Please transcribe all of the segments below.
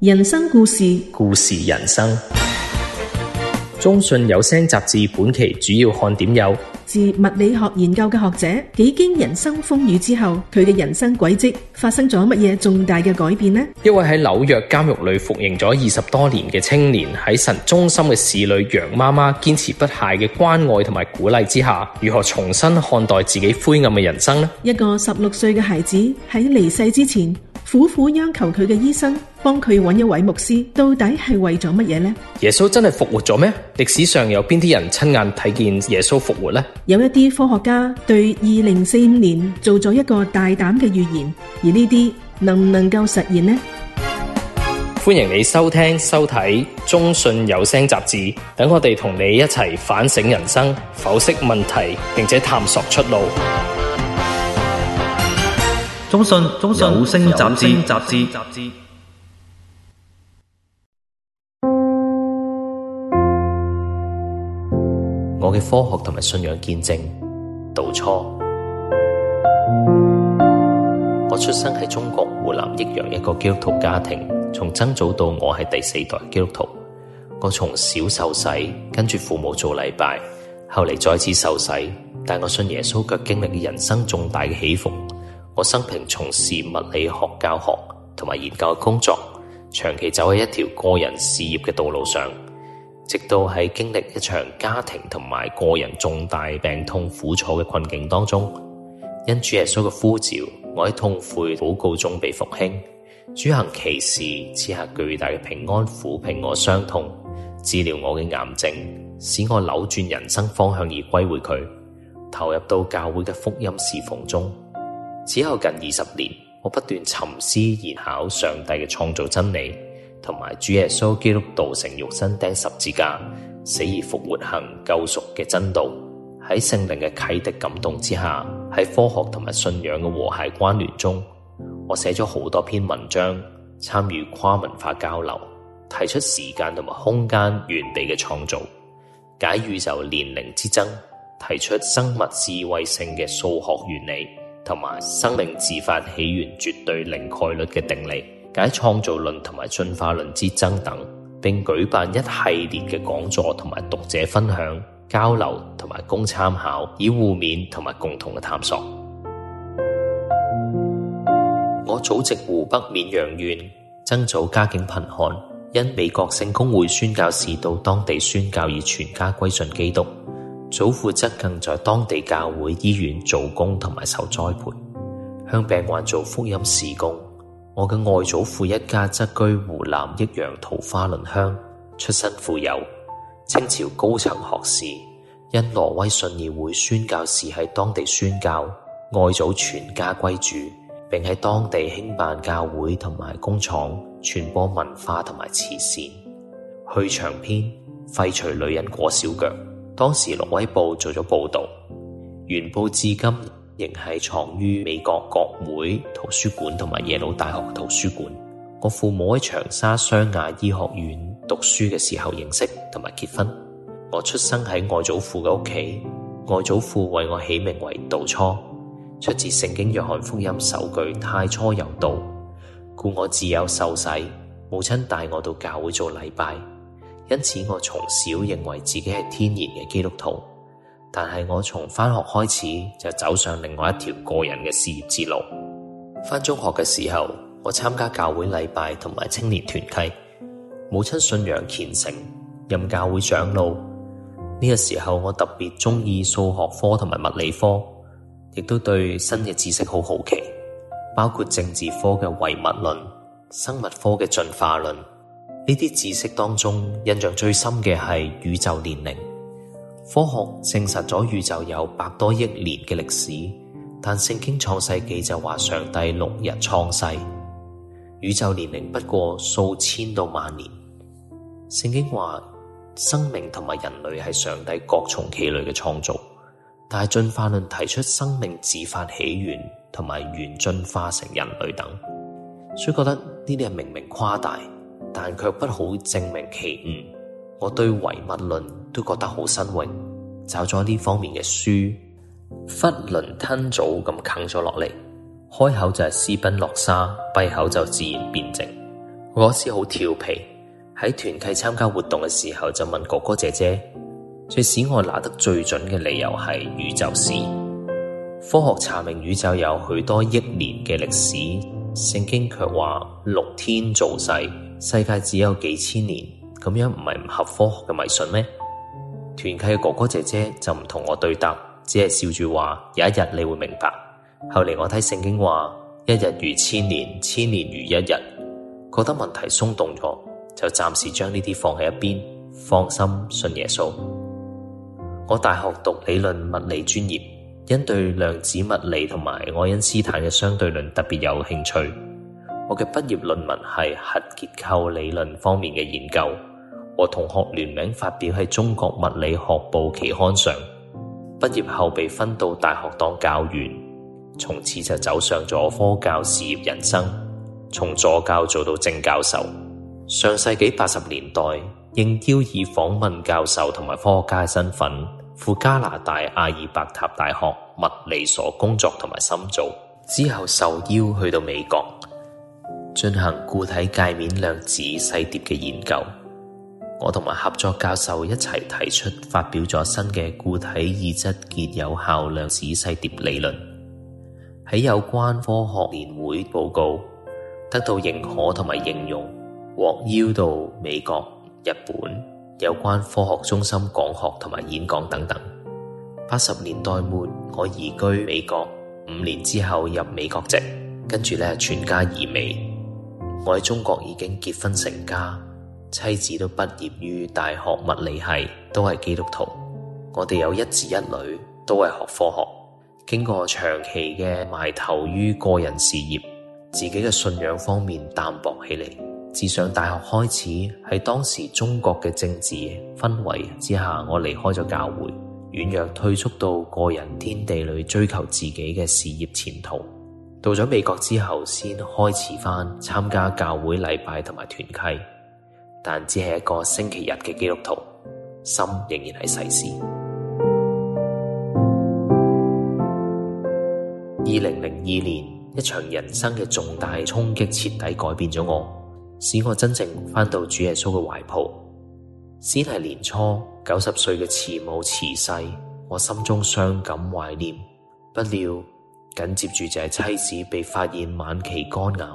人生故事，故事人生。中信有聲雜誌本期主要看點有：自物理學研究嘅學者，幾經人生風雨之後，佢嘅人生軌跡發生咗乜嘢重大嘅改變呢？一位喺紐約監獄裏服刑咗二十多年嘅青年，喺神中心嘅使女楊媽媽堅持不懈嘅關愛同埋鼓勵之下，如何重新看待自己灰暗嘅人生呢？一個十六歲嘅孩子喺離世之前。苦苦央求佢嘅醫生幫佢揾一位牧師，到底係為咗乜嘢呢？耶穌真係復活咗咩？歷史上有邊啲人親眼睇見耶穌復活呢？有一啲科學家對二零四五年做咗一個大膽嘅預言，而呢啲能唔能夠實現呢？歡迎你收聽、收睇《中信有聲雜誌》，等我哋同你一齊反省人生、剖析問題，並且探索出路。中信，中信，有，有聲雜誌，雜誌。雜誌我嘅科學同埋信仰見證，道初。我出生喺中國湖南益陽一個基督徒家庭，從曾祖到我係第四代基督徒。我從小受洗，跟住父母做禮拜，後嚟再次受洗。但我信耶穌，卻經歷嘅人生重大嘅起伏。我生平從事物理學教學同埋研究嘅工作，長期走喺一條個人事業嘅道路上，直到喺經歷一場家庭同埋個人重大病痛苦楚嘅困境當中，因主耶穌嘅呼召，我喺痛悔禱告中被復興。主行奇事，賜下巨大嘅平安撫平我傷痛，治療我嘅癌症，使我扭轉人生方向而歸回佢，投入到教會嘅福音侍奉中。此後近二十年，我不斷沉思研考上帝嘅創造真理，同埋主耶穌基督道成肉身釘十字架、死而復活行、行救贖嘅真道。喺聖靈嘅啟迪感動之下，喺科學同埋信仰嘅和諧關聯中，我寫咗好多篇文章，參與跨文化交流，提出時間同埋空間完備嘅創造，解宇宙年齡之爭，提出生物智慧性嘅數學原理。同埋生命自發起源絕對零概率嘅定理，解創造論同埋進化論之爭等，並舉辦一系列嘅講座同埋讀者分享、交流同埋供參考，以互勉同埋共同嘅探索。 我祖籍湖北沔陽縣，曾祖家境貧寒，因美國聖公會宣教士到當地宣教而全家歸信基督。祖父則更在當地教會醫院做工同埋受栽培，向病患做福音事工。我嘅外祖父一家則居湖南益陽桃花崙鄉，出身富有，清朝高層學士，因挪威信義會宣教士喺當地宣教，外祖全家歸主，並喺當地興辦教會同埋工廠，傳播文化同埋慈善，去長篇廢除女人裹小腳。當時《紐威報》做咗報導，原報至今仍係藏於美國國會圖書館同埋耶魯大學嘅圖書館。我父母喺長沙湘雅醫學院讀書嘅時候認識同埋結婚。我出生喺外祖父嘅屋企，外祖父為我起名為道初，出自聖經約翰福音首句太初有道，故我自幼受洗。母親帶我到教會做禮拜。因此，我從小認為自己係天然嘅基督徒，但係我從返學開始就走上另外一條個人嘅事業之路。返中學嘅時候，我參加教會禮拜同埋青年團契，母親信仰虔誠，任教會長老。呢個時候我特別中意數學科同埋物理科，亦都對新嘅知識好好奇，包括政治科嘅唯物論、生物科嘅進化論。呢啲知識當中印象最深嘅係宇宙年齡。科學證實咗宇宙有百多億年嘅歷史，但聖經創世紀就話上帝六日創世，宇宙年齡不過數千到萬年。聖經話生命同埋人類係上帝各從其類嘅創造，但係進化論提出生命自發起源同埋猿進化成人類等，所以覺得呢啲係明明誇大。但卻不好證明其誤，我對唯物論都覺得好新穎，找咗呢方面嘅書，忽圇吞棗咁啃咗落嚟，開口就係斯賓諾莎，閉口就自然辯證，我先好調皮，喺團契參加活動嘅時候就問哥哥姐姐，最使我拿得最準嘅理由係宇宙史，科學查明宇宙有許多億年嘅歷史，聖經卻話六天造世。世界只有幾千年，咁樣唔係唔合科學嘅迷信咩？團契嘅哥哥姐姐就唔同我對答，只係笑住話：有一日你會明白。後嚟我睇聖經話：一日如千年，千年如一日。覺得問題鬆動咗，就暫時將呢啲放喺一邊，放心信耶穌。我大學讀理論物理專業，因對量子物理同埋愛因斯坦嘅相對論特別有興趣。我嘅畢業論文係核結構理論方面嘅研究，和同學聯名發表喺《中國物理學報》期刊上。畢業後被分到大學當教員，從此就走上咗科教事業人生，從助教做到正教授。上世紀八十年代，應邀以訪問教授同埋科學家身份赴加拿大阿爾伯塔大學物理所工作同埋深造，之後受邀去到美國。進行固體界面量子細碟嘅研究，我同埋合作教授一齊提出發表咗新嘅固體異質結有效量子細碟理論，喺有關科學年會報告得到認可同埋應用，獲邀到美國、日本有關科學中心講學同埋演講等等。八十年代末，我移居美國，五年之後入美國籍，跟住咧全家移美。我喺中國已經結婚成家，妻子都畢業於大學物理系，都係基督徒。我哋有一子一女，都係學科學。經過長期嘅埋頭於個人事業，自己嘅信仰方面淡薄起嚟。自上大學開始，喺當時中國嘅政治氛圍之下，我離開咗教會，軟弱退縮到個人天地裡追求自己嘅事業前途。到咗美國之後，先開始返參加教會禮拜同埋團契，但只係一個星期日嘅基督徒，心仍然係世事。二零零二年，一場人生嘅重大衝擊徹底改變咗我，使我真正返到主耶穌嘅懷抱。先係年初九十歲嘅慈母辭世，我心中傷感懷念，不料。緊接住就係妻子被發現晚期肝癌，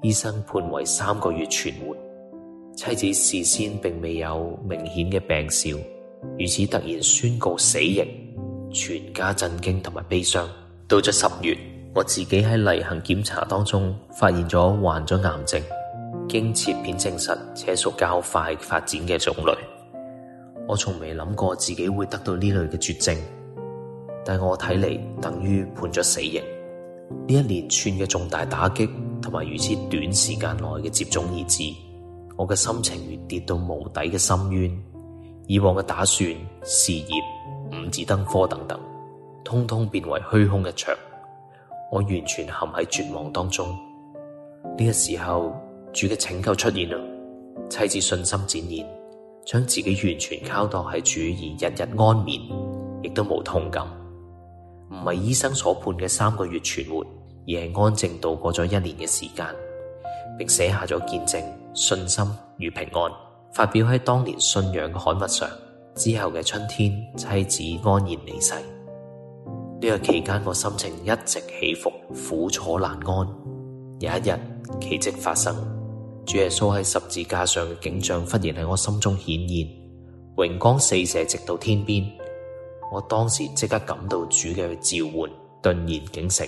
醫生判為三個月存活。妻子事先並未有明顯嘅病兆，如此突然宣告死刑，全家震驚同埋悲傷。到咗十月，我自己喺例行檢查當中發現咗患咗癌症，經切片證實且屬較快發展嘅種類。我從未諗過自己會得到呢類嘅絕症。但係我睇嚟，等於判咗死刑，呢一連串嘅重大打擊，同埋如此短時間內嘅接踵而至，我嘅心情越跌到無底嘅深淵。以往嘅打算、事業、五子登科等等，通通變為虛空一場。我完全陷喺絕望當中。呢個時候，主嘅拯救出現啦。妻子信心展現，將自己完全靠落喺主而日日安眠，亦都冇痛感。唔係醫生所判嘅三個月存活，而係安靜度過咗一年嘅時間，並寫下咗見證信心與平安，發表喺當年信仰嘅刊物上。之後嘅春天，妻子安然離世。呢個期間，我心情一直起伏，苦楚難安。有一日，奇蹟發生，主耶穌喺十字架上嘅景象忽然喺我心中顯現，榮光四射，直到天邊。我當時即刻感到主嘅召喚，頓然警醒，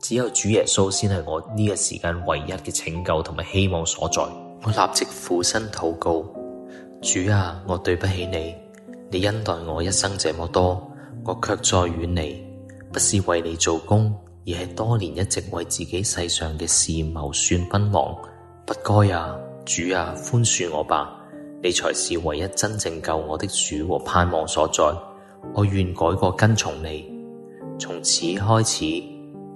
只有主耶穌先係我呢個時間唯一嘅拯救同埋希望所在。我立即俯身禱告，主啊，我對不起你，你恩待我一生這麼多，我卻再遠離，不是為你做工，而係多年一直為自己世上嘅事謀算奔忙，不該啊，主啊，寬恕我吧，你才是唯一真正救我的主和盼望所在。我願改過跟從你，從此開始，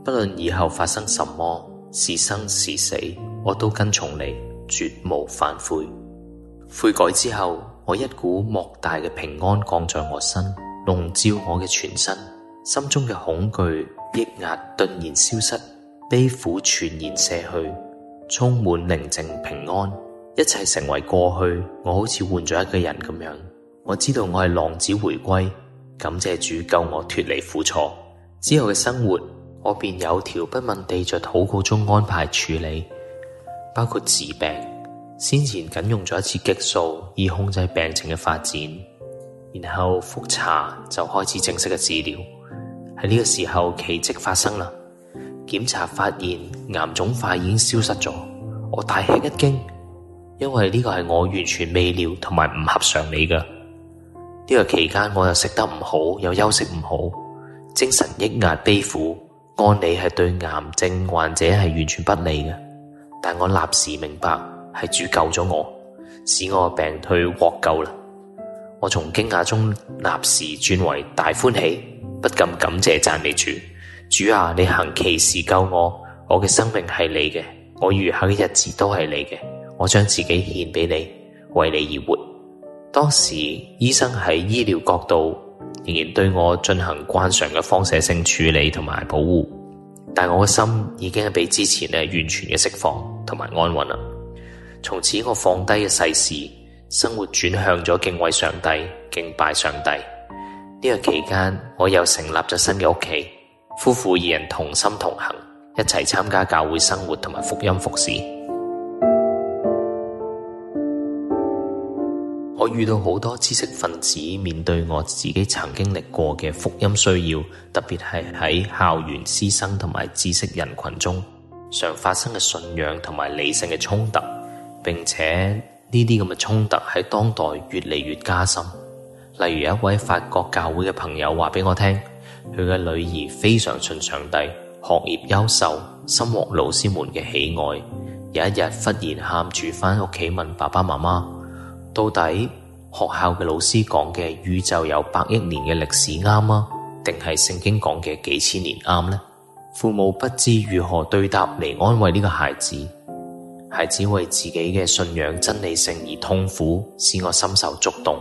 不論以後發生什麼，是生是死，我都跟從你，絕無反悔。悔改之後，我一股莫大嘅平安降在我身，籠罩我嘅全身，心中嘅恐懼、抑壓頓然消失，悲苦全然卸去，充滿寧靜平安，一切成為過去。我好似換咗一個人咁樣，我知道我係浪子回歸。感謝主救我脫離苦楚，之後嘅生活我便有條不紊地在禱告中安排處理，包括治病。先前僅用咗一次激素以控制病情嘅發展，然後複查就開始正式嘅治療。喺、這、呢個時候奇蹟發生啦，檢查發現癌腫塊已經消失咗，我大吃一驚，因為呢個係我完全未料同埋唔合常理嘅。呢個期間，我又食得唔好，又休息唔好，精神抑壓悲苦。按理係對癌症患者係完全不利嘅，但我立時明白係主救咗我，使我嘅病退獲救啦。我從驚訝中立時轉為大歡喜，不禁感謝讚美主，主啊，你行奇事救我，我嘅生命係你嘅，我餘下嘅日子都係你嘅，我將自己獻俾你，為你而活。當時醫生喺醫療角度仍然對我進行慣常嘅放射性處理同埋保護，但我嘅心已經係比之前咧完全嘅釋放同埋安穩啦。從此我放低嘅世事，生活轉向咗敬畏上帝、敬拜上帝。呢、這個期間我又成立咗新嘅屋企，夫婦二人同心同行，一齊參加教會生活同埋福音服侍。我遇到好多知識分子面對我自己曾經歷過嘅福音需要，特別係喺校園師生同埋知識人群中，常發生嘅信仰同埋理性嘅衝突。並且呢啲咁嘅衝突喺當代越嚟越加深。例如有一位法國教會嘅朋友話俾我聽，佢嘅女兒非常順長地，學業優秀，深獲老師們嘅喜愛。有一日忽然喊住返屋企問爸爸媽媽。到底學校嘅老師講嘅宇宙有百億年嘅歷史啱嗎？定係聖經講嘅幾千年啱呢？父母不知如何對答嚟，安慰呢個孩子，孩子為自己嘅信仰真理性而痛苦，使我深受觸動。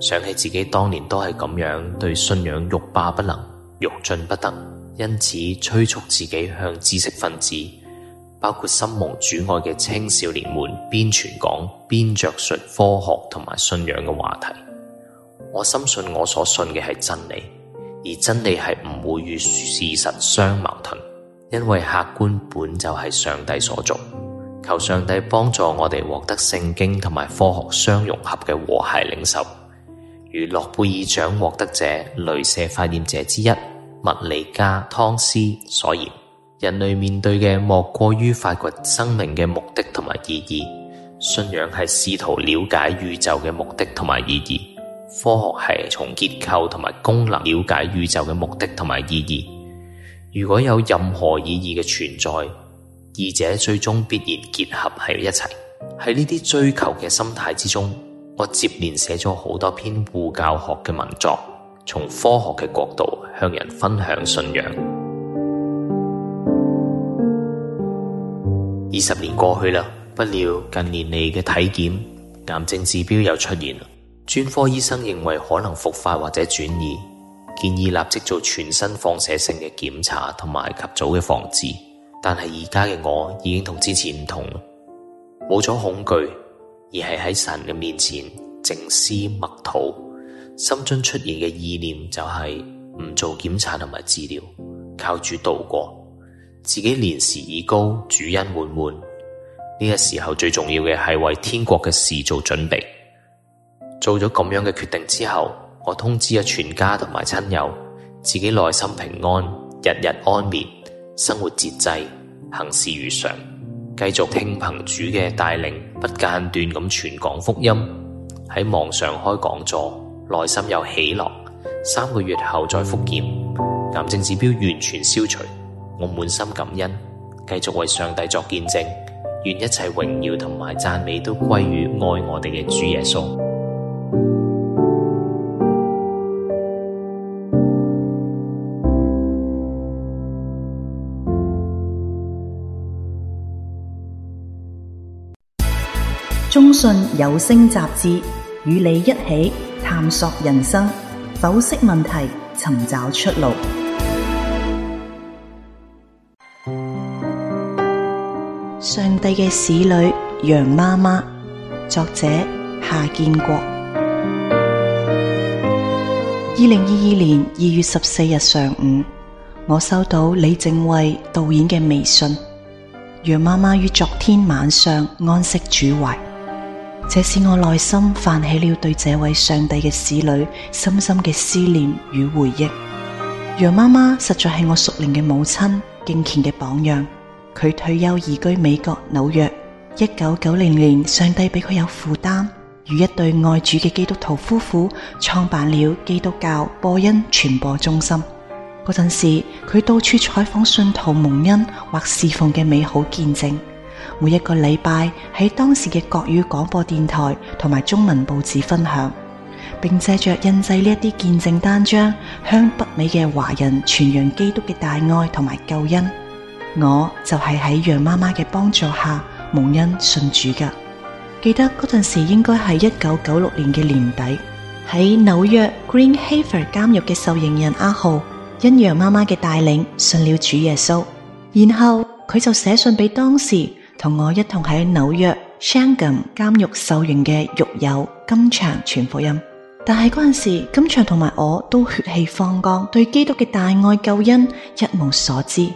想起自己當年都係咁樣對信仰欲罷不能、欲進不得，因此催促自己向知識分子。包括心蒙主愛嘅青少年們，邊傳講邊着述科學同埋信仰嘅話題。我深信我所信嘅係真理，而真理係唔會與事實相矛盾，因為客觀本就係上帝所做。求上帝幫助我哋獲得聖經同埋科學相融合嘅和諧領受，如諾貝爾獎獲得者鐳射發現者之一物理家湯斯所言。人類面對嘅莫過於發掘生命嘅目的同埋意義，信仰係試圖了解宇宙嘅目的同埋意義，科學係從結構同埋功能了解宇宙嘅目的同埋意義。如果有任何意義嘅存在，二者最終必然結合喺一齊。喺呢啲追求嘅心態之中，我接連寫咗好多篇護教學嘅文作，從科學嘅角度向人分享信仰。二十年過去啦，不料近年嚟嘅體檢，癌症指標又出現啦。專科醫生認為可能復發或者轉移，建議立即做全身放射性嘅檢查同埋及早嘅防治。但係而家嘅我已經同之前唔同啦，冇咗恐懼，而係喺神嘅面前靜思默禱，心中出現嘅意念就係唔做檢查同埋治療，靠主度過。自己年事已高，主恩滿滿。呢、這個時候最重要嘅係為天國嘅事做準備。做咗咁樣嘅決定之後，我通知啊全家同埋親友，自己內心平安，日日安眠，生活節制，行事如常，繼續聽憑主嘅帶領，不間斷咁傳講福音，喺網上開講座，內心有喜樂。三個月後再復檢，癌症指標完全消除。我滿心感恩，繼續為上帝作見證，願一切榮耀同埋讚美都歸於愛我哋嘅主耶穌。中信有聲雜誌與你一起探索人生，剖析問題，尋找出路。上帝嘅使女楊媽媽，作者夏建國。二零二二年二月十四日上午，我收到李正慧導演嘅微信，楊媽媽於昨天晚上安息主懷。這使我內心泛起了對這位上帝嘅使女深深嘅思念與回憶。楊媽媽實在係我熟齡嘅母親敬虔嘅榜樣。佢退休移居美國紐約。一九九零年，上帝俾佢有負擔，與一對愛主嘅基督徒夫婦創辦了基督教播音傳播中心。嗰陣時，佢到處採訪信徒蒙恩或侍奉嘅美好見證，每一個禮拜喺當時嘅國語廣播電台同埋中文報紙分享，並借着印製呢一啲見證單張，向北美嘅華人傳揚基督嘅大愛同埋救恩。我就係喺楊媽媽嘅幫助下蒙恩信主噶記得嗰陣時應該係一九九六年嘅年底，喺紐約 Greenhaver 監獄嘅受刑人阿豪，因楊媽媽嘅帶領信了主耶穌，然後佢就寫信俾當時同我一同喺紐約 Shangam 監獄受刑嘅獄友金長傳福音。但係嗰陣時金長同埋我都血氣方剛，對基督嘅大愛救恩一無所知。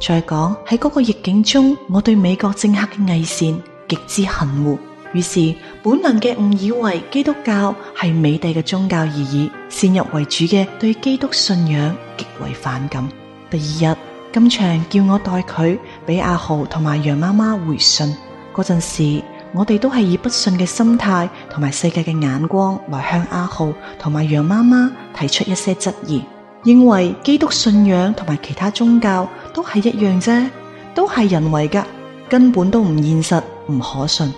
再講喺嗰個逆境中，我對美國政客嘅偽善極之恨惡，於是本能嘅誤以為基督教係美帝嘅宗教而已，先入為主嘅對基督信仰極為反感。第二日，金祥叫我代佢俾阿豪同埋楊媽媽回信。嗰陣時，我哋都係以不信嘅心態同埋世界嘅眼光嚟向阿豪同埋楊媽媽提出一些質疑，認為基督信仰同埋其他宗教。都係一樣啫，都係人為噶，根本都唔現實，唔可信。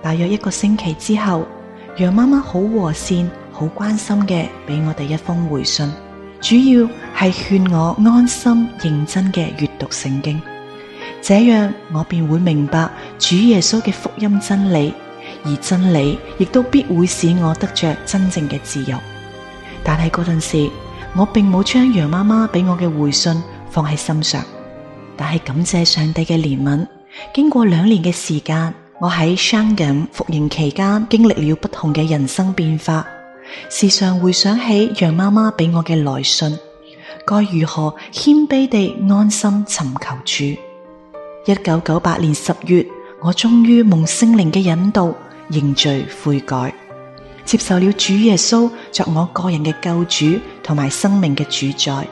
大約一個星期之後，楊媽媽好和善、好關心嘅俾我哋一封回信，主要係勸我安心認真嘅閱讀聖經，這樣我便會明白主耶穌嘅福音真理，而真理亦都必會使我得着真正嘅自由。但係嗰陣時，我並冇將楊媽媽俾我嘅回信放喺心上。但係感謝上帝嘅憐憫。經過兩年嘅時間，我喺服刑期間，經歷了不同嘅人生變化，時常回想起楊媽媽俾我嘅來信，該如何謙卑地安心尋求主。一九九八年十月，我終於蒙聖靈嘅引導認罪悔改，接受了主耶穌作我個人嘅救主同埋生命嘅主宰。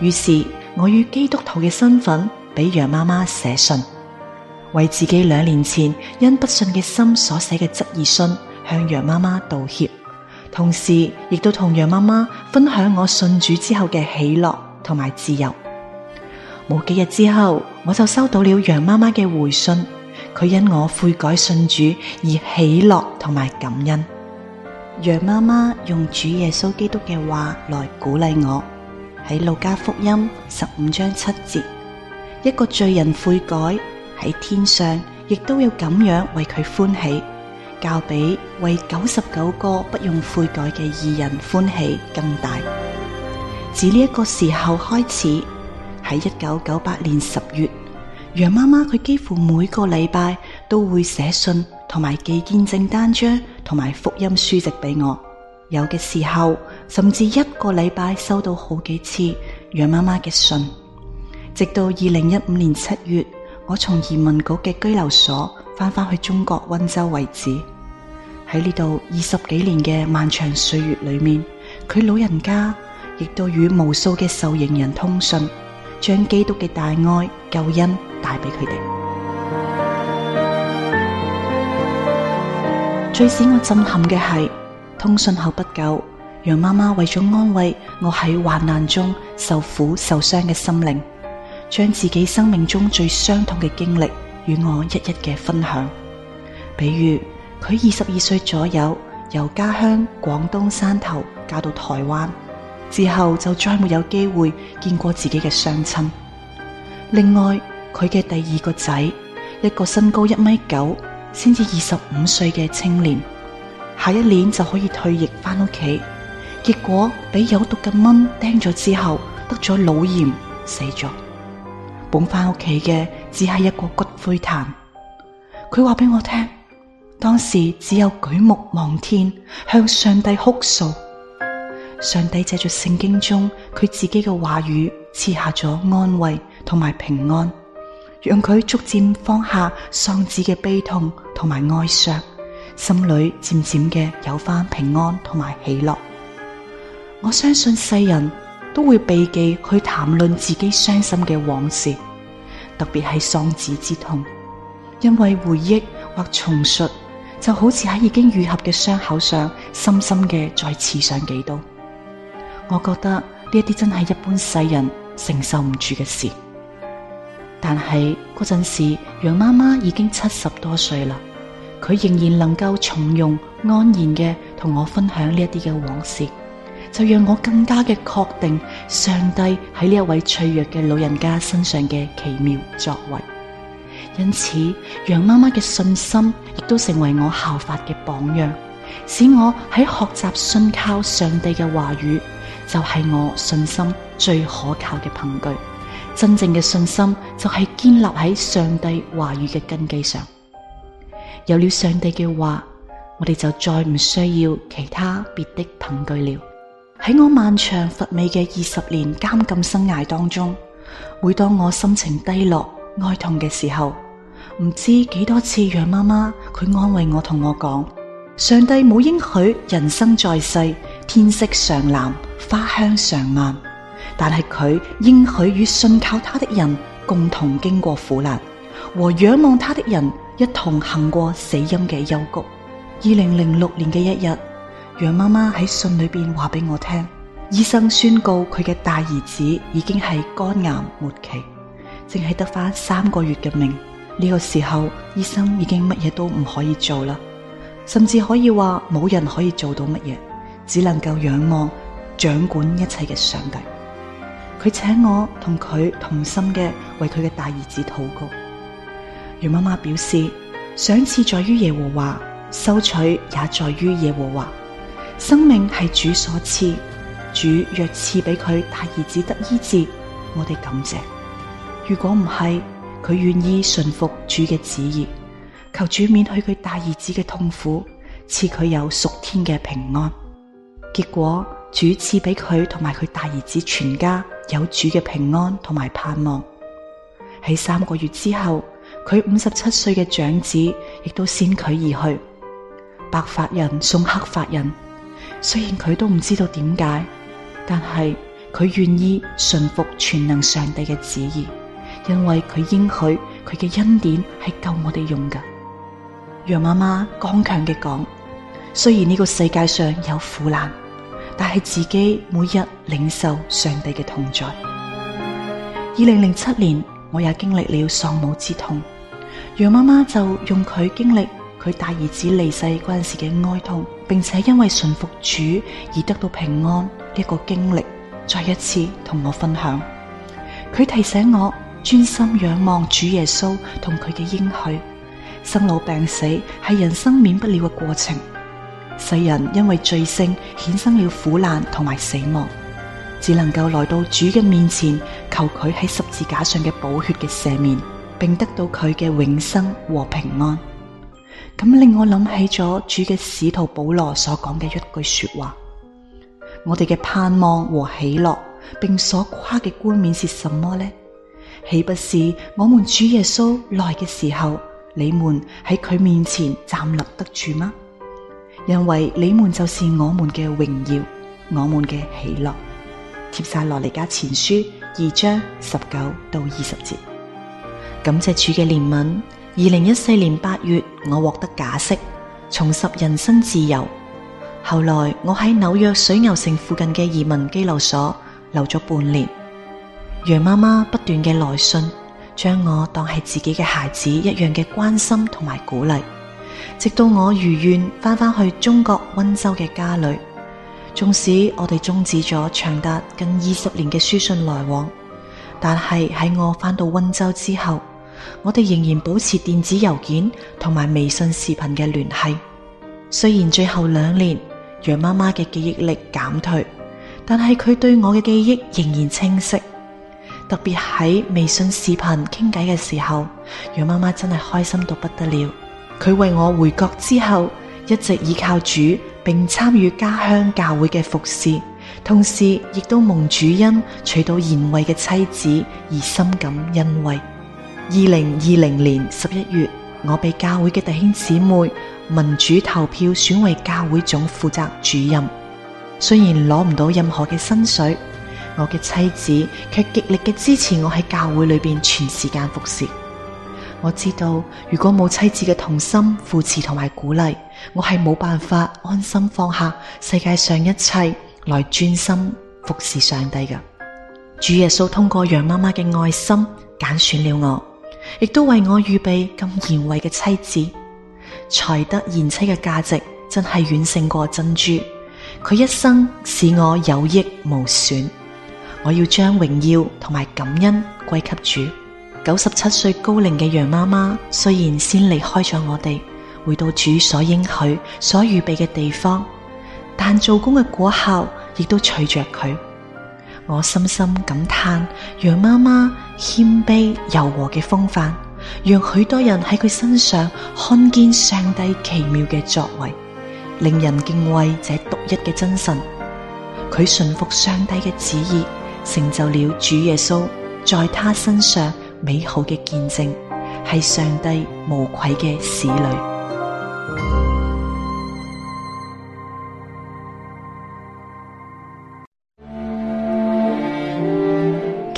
於是。我以基督徒嘅身份，俾楊媽媽寫信，為自己兩年前因不信嘅心所寫嘅質疑信向楊媽媽道歉，同時亦都同楊媽媽分享我信主之後嘅喜樂同埋自由。冇幾日之後，我就收到了楊媽媽嘅回信，佢因我悔改信主而喜樂同埋感恩。楊媽媽用主耶穌基督嘅話來鼓勵我。喺路加福音十五章七節，一個罪人悔改喺天上，亦都要咁樣為佢歡喜，較比為九十九個不用悔改嘅義人歡喜更大。自呢一個時候開始，喺一九九八年十月，楊媽媽佢幾乎每個禮拜都會寫信同埋寄見證單張同埋福音書籍俾我，有嘅時候。甚至一個禮拜收到好幾次楊媽媽嘅信，直到二零一五年七月，我從移民局嘅居留所翻返去中國溫州為止。喺呢度二十幾年嘅漫長歲月裏面，佢老人家亦都與無數嘅受刑人通信，將基督嘅大愛救恩帶俾佢哋。最使我震撼嘅係，通信後不久。楊媽媽為咗安慰我喺患難中受苦受傷嘅心靈，將自己生命中最傷痛嘅經歷與我一一嘅分享。比如佢二十二歲左右由家鄉廣東汕頭嫁到台灣，之後就再沒有機會見過自己嘅雙親。另外佢嘅第二個仔，一個身高一米九，先至二十五歲嘅青年，下一年就可以退役翻屋企。結果俾有毒嘅蚊叮咗之後，得咗腦炎死咗。捧翻屋企嘅只係一個骨灰壇。佢話俾我聽，當時只有舉目望天，向上帝哭訴。上帝借着聖經中佢自己嘅話語賜下咗安慰同埋平安，讓佢逐漸放下喪子嘅悲痛同埋哀傷，心裏漸漸嘅有翻平安同埋喜樂。我相信世人都會避忌去談論自己傷心嘅往事，特別係喪子之痛，因為回憶或重述就好似喺已經愈合嘅傷口上深深嘅再刺上幾刀。我覺得呢一啲真係一般世人承受唔住嘅事。但係嗰陣時，楊媽媽已經七十多歲啦，佢仍然能夠從容安然嘅同我分享呢一啲嘅往事。就讓我更加嘅確定上帝喺呢一位脆弱嘅老人家身上嘅奇妙作為，因此楊媽媽嘅信心亦都成為我效法嘅榜樣，使我喺學習信靠上帝嘅話語就係我信心最可靠嘅憑據。真正嘅信心就係建立喺上帝話語嘅根基上。有了上帝嘅話，我哋就再唔需要其他別的憑據了。喺我漫長乏味嘅二十年監禁生涯當中，每當我心情低落、哀痛嘅時候，唔知幾多次楊媽媽佢安慰我，同我講：上帝冇應許人生在世天色常藍、花香常漫，但係佢應許與信靠他的人共同經過苦難，和仰望他的人一同行過死蔭嘅幽谷。二零零六年嘅一日。楊媽媽喺信裏邊話俾我聽，醫生宣告佢嘅大兒子已經係肝癌末期，淨係得翻三個月嘅命。呢個時候，醫生已經乜嘢都唔可以做啦，甚至可以話冇人可以做到乜嘢，只能夠仰望掌管一切嘅上帝。佢請我同佢同心嘅為佢嘅大兒子禱告。楊媽媽表示，賞賜在於耶和華，收取也在於耶和華。生命係主所賜，主若賜俾佢大兒子得醫治，我哋感謝。如果唔係，佢願意順服主嘅旨意，求主免去佢大兒子嘅痛苦，賜佢有屬天嘅平安。結果主賜俾佢同埋佢大兒子全家有主嘅平安同埋盼望。喺三個月之後，佢五十七歲嘅長子亦都先佢而去，白髮人送黑髮人。雖然佢都唔知道點解，但係佢願意順服全能上帝嘅旨意，因為佢應許佢嘅恩典係夠我哋用噶。楊媽媽剛強嘅講：雖然呢個世界上有苦難，但係自己每日領受上帝嘅同在。二零零七年，我也經歷了喪母之痛，楊媽媽就用佢經歷。佢大兒子離世嗰陣時嘅哀痛，並且因為順服主而得到平安呢個經歷，再一次同我分享。佢提醒我專心仰望主耶穌同佢嘅應許。生老病死係人生免不了嘅過程，世人因為罪性衍生了苦難同埋死亡，只能夠來到主嘅面前求佢喺十字架上嘅寶血嘅赦免，並得到佢嘅永生和平安。咁令我諗起咗主嘅使徒保羅所講嘅一句說話，我哋嘅盼望和喜樂，並所誇嘅冠冕，是什麼呢？豈不是我們主耶穌來嘅時候，你們喺佢面前站立得住嗎？因為你們就是我們嘅榮耀，我們嘅喜樂。帖撒羅尼迦前書二章十九到二十節，感謝主嘅憐憫。二零一四年八月，我獲得假釋，重拾人身自由。後來我喺紐約水牛城附近嘅移民拘留所留咗半年，楊媽媽不斷嘅來信，將我當係自己嘅孩子一樣嘅關心同埋鼓勵，直到我如願翻返去中國温州嘅家裏。縱使我哋終止咗長達近二十年嘅書信來往，但係喺我翻到温州之後，我哋仍然保持電子郵件同埋微信視頻嘅聯繫。雖然最後兩年楊媽媽嘅記憶力減退，但係佢對我嘅記憶仍然清晰。特別喺微信視頻傾偈嘅時候，楊媽媽真係開心到不得了。佢為我回國之後一直倚靠主，並參與家鄉教會嘅服侍，同時亦都蒙主恩娶到賢惠嘅妻子，而深感欣慰。二零二零年十一月，我被教會嘅弟兄姊妹民主投票選為教會總負責主任。雖然攞唔到任何嘅薪水，我嘅妻子卻極力嘅支持我喺教會裏邊全時間服侍。我知道如果冇妻子嘅同心扶持同埋鼓勵，我係冇辦法安心放下世界上一切，來專心服侍上帝嘅。主耶穌通過楊媽媽嘅愛心揀選了我。亦都為我預備咁賢惠嘅妻子，才德賢妻嘅價值真係遠勝過珍珠。佢一生使我有益無損，我要將榮耀同埋感恩歸給主。九十七歲高齡嘅楊媽媽雖然先離開咗我哋，回到主所應許、所預備嘅地方，但做工嘅果效亦都隨着佢。我深深感嘆，楊媽媽謙卑柔和嘅風範，讓許多人喺佢身上看見上帝奇妙嘅作為，令人敬畏這獨一嘅真神。佢順服上帝嘅旨意，成就了主耶穌在她身上美好嘅見證，係上帝無愧嘅使女。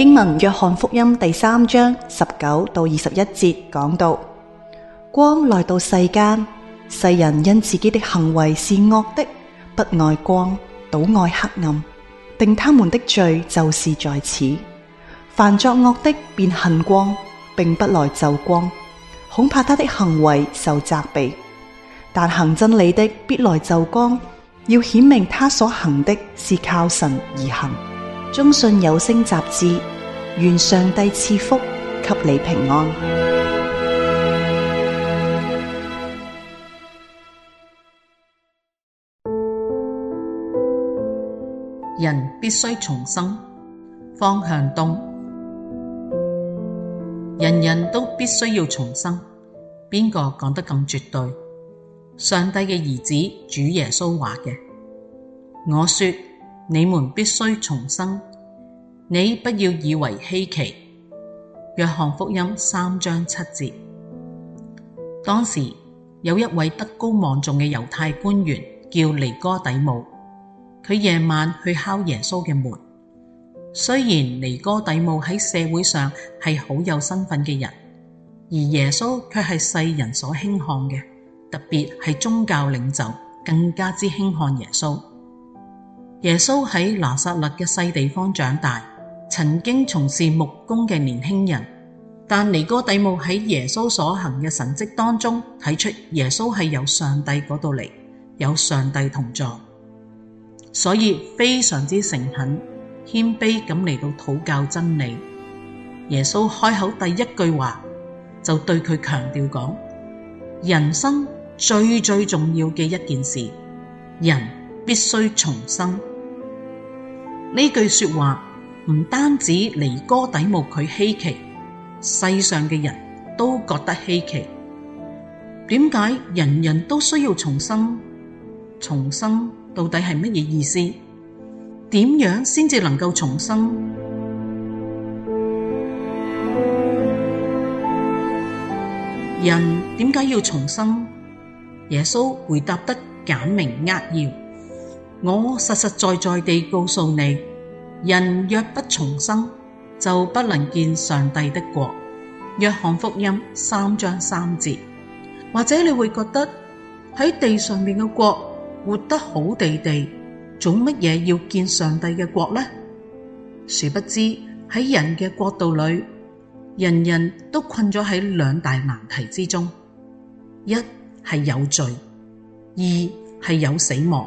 經文《約翰福音》第三章十九到二十一節講到：光來到世間，世人因自己的行為是惡的，不愛光，倒愛黑暗，定他們的罪就是在此。凡作惡的便恨光，並不來就光，恐怕他的行為受責備。但行真理的必來就光，要顯明他所行的是靠神而行。中信有聲雜誌，願上帝賜福，給你平安。人必須重生，方向東。人人都必須要重生，邊個講得咁絕對？上帝嘅兒子主耶穌話嘅，我說。你們必須重生，你不要以為稀奇。約翰福音三章七節。當時有一位德高望重嘅猶太官員叫尼哥底母。佢夜晚去敲耶穌嘅門。雖然尼哥底母喺社會上係好有身份嘅人，而耶穌卻係世人所輕看嘅，特別係宗教領袖更加之輕看耶穌。耶穌喺拿撒勒嘅細地方長大，曾經從事木工嘅年輕人，但尼哥底母喺耶穌所行嘅神蹟當中睇出耶穌係由上帝嗰度嚟，有上帝同在，所以非常之誠懇謙卑咁嚟到討教真理。耶穌開口第一句話就對佢強調講：人生最最重要嘅一件事，人必須重生。呢句說話唔單止尼哥底母佢稀奇，世上嘅人都覺得稀奇。點解人人都需要重生？重生到底係乜嘢意思？點樣先至能夠重生？人點解要重生？耶穌回答得簡明扼要。我實實在在地告訴你，人若不重生，就不能見上帝的國。約翰福音三章三節。或者你會覺得，喺地上面嘅國，活得好地地，做乜嘢要見上帝嘅國呢？殊不知，喺人嘅國度裏，人人都困咗喺兩大難題之中。一係有罪。二係有死亡。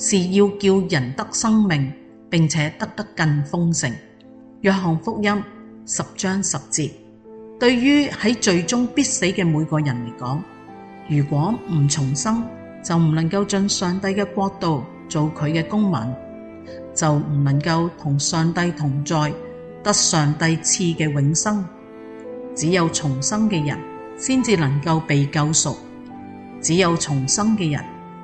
是要叫人得生命，並且得得更豐盛。約翰福音十章十節，對於喺罪中必死嘅每個人嚟講，如果唔重生，就唔能夠進上帝嘅國度做佢嘅公民，就唔能夠同上帝同在，得上帝賜嘅永生。只有重生嘅人，先至能夠被救贖。只有重生嘅人，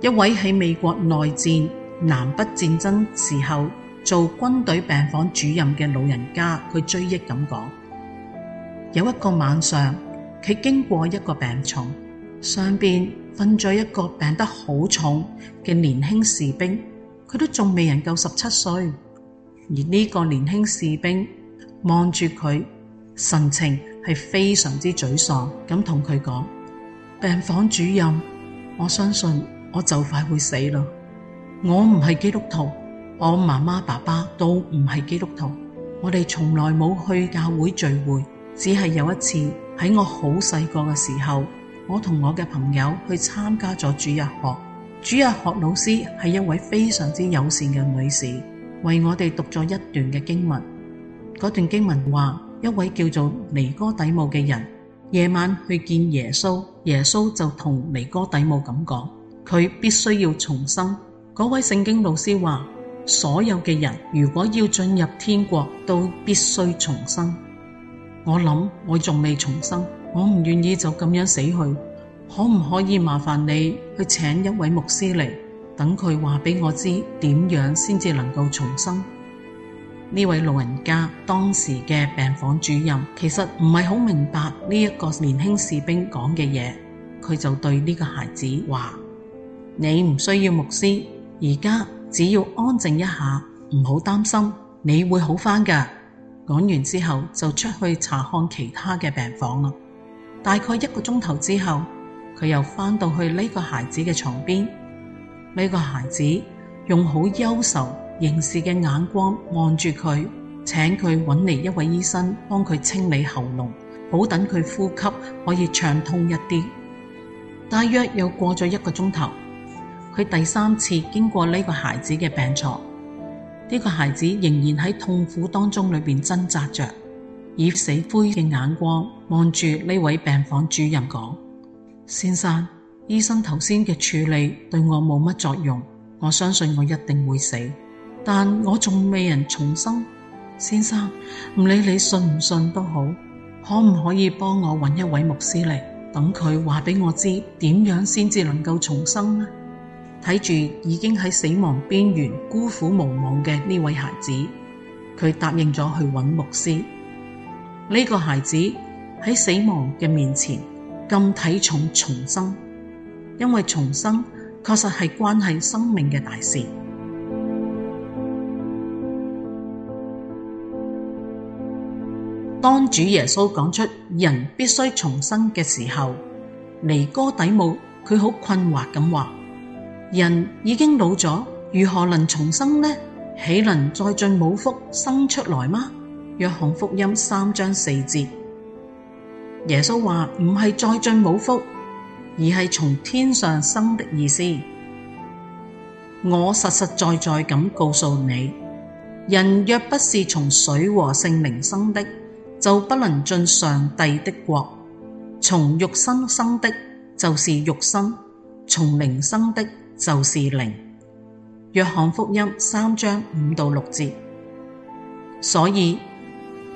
一位喺美國內戰南北戰爭時候做軍隊病房主任嘅老人家，佢追憶咁講：「有一個晚上，佢經過一個病床，上面瞓咗一個病得好重嘅年輕士兵，佢都仲未能夠十七歲。而呢個年輕士兵望住佢，神情係非常之沮喪，咁同佢講：「病房主任，我相信。我就快會死啦！我唔係基督徒，我媽媽、爸爸都唔係基督徒。我哋從來冇去教會聚會，只係有一次喺我好細個嘅時候，我同我嘅朋友去參加咗主日學。主日學老師係一位非常之友善嘅女士，為我哋讀咗一段嘅經文。嗰段經文話，一位叫做尼哥底母嘅人夜晚去見耶穌，耶穌就同尼哥底母咁講。佢必須要重生。嗰位聖經老師話，所有嘅人，如果要進入天國都必須重生。我諗我仲未重生，我唔願意就咁樣死去。可唔可以麻煩你去請一位牧師嚟，等佢話俾我知點樣先至能夠重生？呢位老人家當時嘅病房主任其實唔係好明白呢一個年輕士兵講嘅嘢，佢就對呢個孩子話。你唔需要牧師，而家只要安靜一下，唔好擔心，你會好翻嘅。講完之後就出去查看其他嘅病房啦。大概一個鐘頭之後，佢又翻到去呢個孩子嘅床邊。呢個孩子用好憂愁凝視嘅眼光望住佢，請佢揾嚟一位醫生幫佢清理喉嚨，好等佢呼吸可以暢通一啲。大約又過咗一個鐘頭。佢第三次經過呢個孩子嘅病床，呢個孩子仍然喺痛苦當中裏邊掙扎着，以死灰嘅眼光望住呢位病房主任講：先生，醫生頭先嘅處理對我冇乜作用，我相信我一定會死，但我仲未人重生。先生，唔理你信唔信都好，可唔可以幫我搵一位牧師嚟，等佢話俾我知點樣先至能夠重生呢？睇住已經喺死亡邊緣孤苦無望嘅呢位孩子，佢答應咗去揾牧師。呢、這個孩子喺死亡嘅面前咁睇重重生，因為重生確實係關係生命嘅大事。當主耶穌講出人必須重生嘅時候，尼哥底母佢好困惑咁話。人已經老咗，如何能重生呢？豈能再進母腹生出來嗎？約翰福音三章四節，耶穌話唔係再進母腹，而係從天上生的意思。我實實在在咁告訴你，人若不是從水和聖靈生的，就不能進上帝的國。從肉身生的，就是肉身；從靈生的，就是靈，約翰福音三章五到六節，所以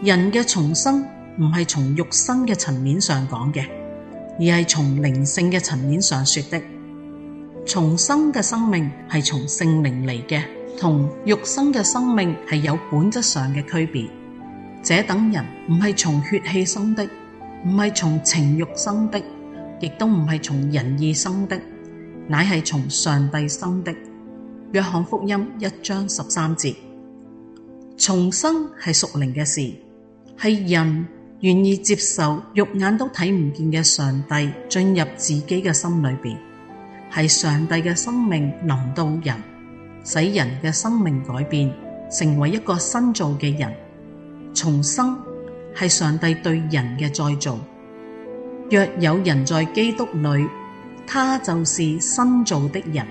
人嘅重生唔係從肉身嘅層面上講嘅，而係從靈性嘅層面上說的。重生嘅生命係從聖靈嚟嘅，同肉身嘅生命係有本質上嘅區別，這等人唔係從血氣生的，唔係從情慾生的，亦都唔係從人意生的。乃係從上帝生的。約翰福音一章十三節，重生係屬靈嘅事，係人願意接受肉眼都睇唔見嘅上帝進入自己嘅心裏邊，係上帝嘅生命臨到人，使人嘅生命改變，成為一個新造嘅人。重生係上帝對人嘅再造。若有人在基督裏。他就是新造的人，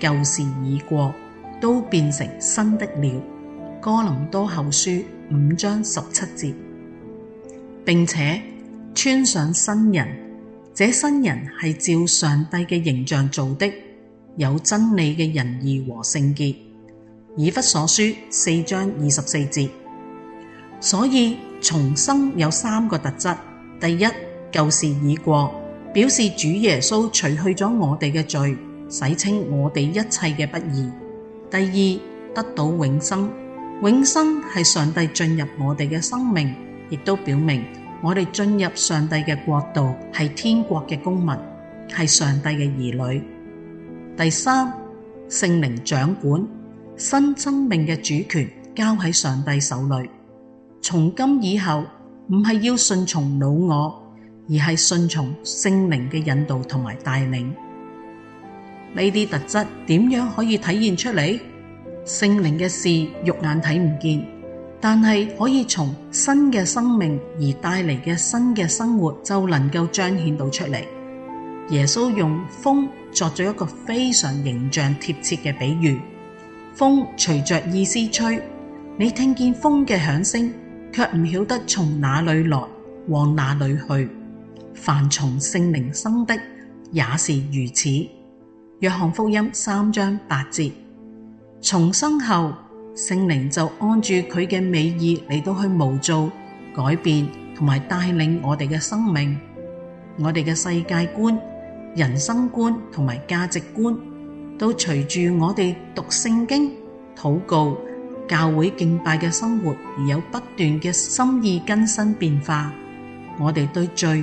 舊事已過，都變成新的了。哥林多後書五章十七節，並且穿上新人，這新人係照上帝嘅形象造的，有真理嘅仁義和聖潔。以弗所書四章二十四節。所以重生有三個特質：第一，舊事已過。表示主耶穌除去咗我哋嘅罪，洗清我哋一切嘅不義。第二，得到永生，永生係上帝進入我哋嘅生命，亦都表明我哋進入上帝嘅國度，係天國嘅公民，係上帝嘅兒女。第三，聖靈掌管新生命嘅主權，交喺上帝手裏。從今以後，唔係要順從老我。而係信從聖靈嘅引導同埋帶領，呢啲特質點樣可以體現出嚟？聖靈嘅事肉眼睇唔見，但係可以從新嘅生命而帶嚟嘅新嘅生活就能夠彰顯到出嚟。耶穌用風作咗一個非常形象貼切嘅比喻，風隨着意思吹，你聽見風嘅響聲，卻唔曉得從哪裏來，往哪裏去。凡從聖靈生的，也是如此。約翰福音三章八節，重生後聖靈就按住佢嘅美意嚟到去模造、改變，同埋帶領我哋嘅生命，我哋嘅世界觀、人生觀同埋價值觀，都隨住我哋讀聖經、禱告、教會敬拜嘅生活，而有不斷嘅心意更新變化。我哋對罪。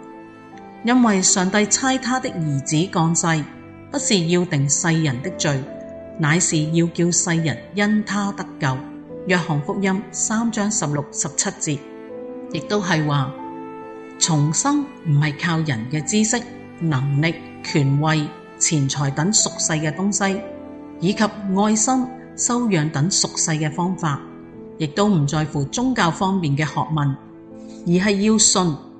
因為上帝差他的兒子降世，不是要定世人的罪，乃是要叫世人因他得救。約翰福音三章十六、十七節，亦都係話重生唔係靠人嘅知識、能力、權位、錢財等屬世嘅東西，以及愛心、修養等屬世嘅方法，亦都唔在乎宗教方面嘅學問，而係要信。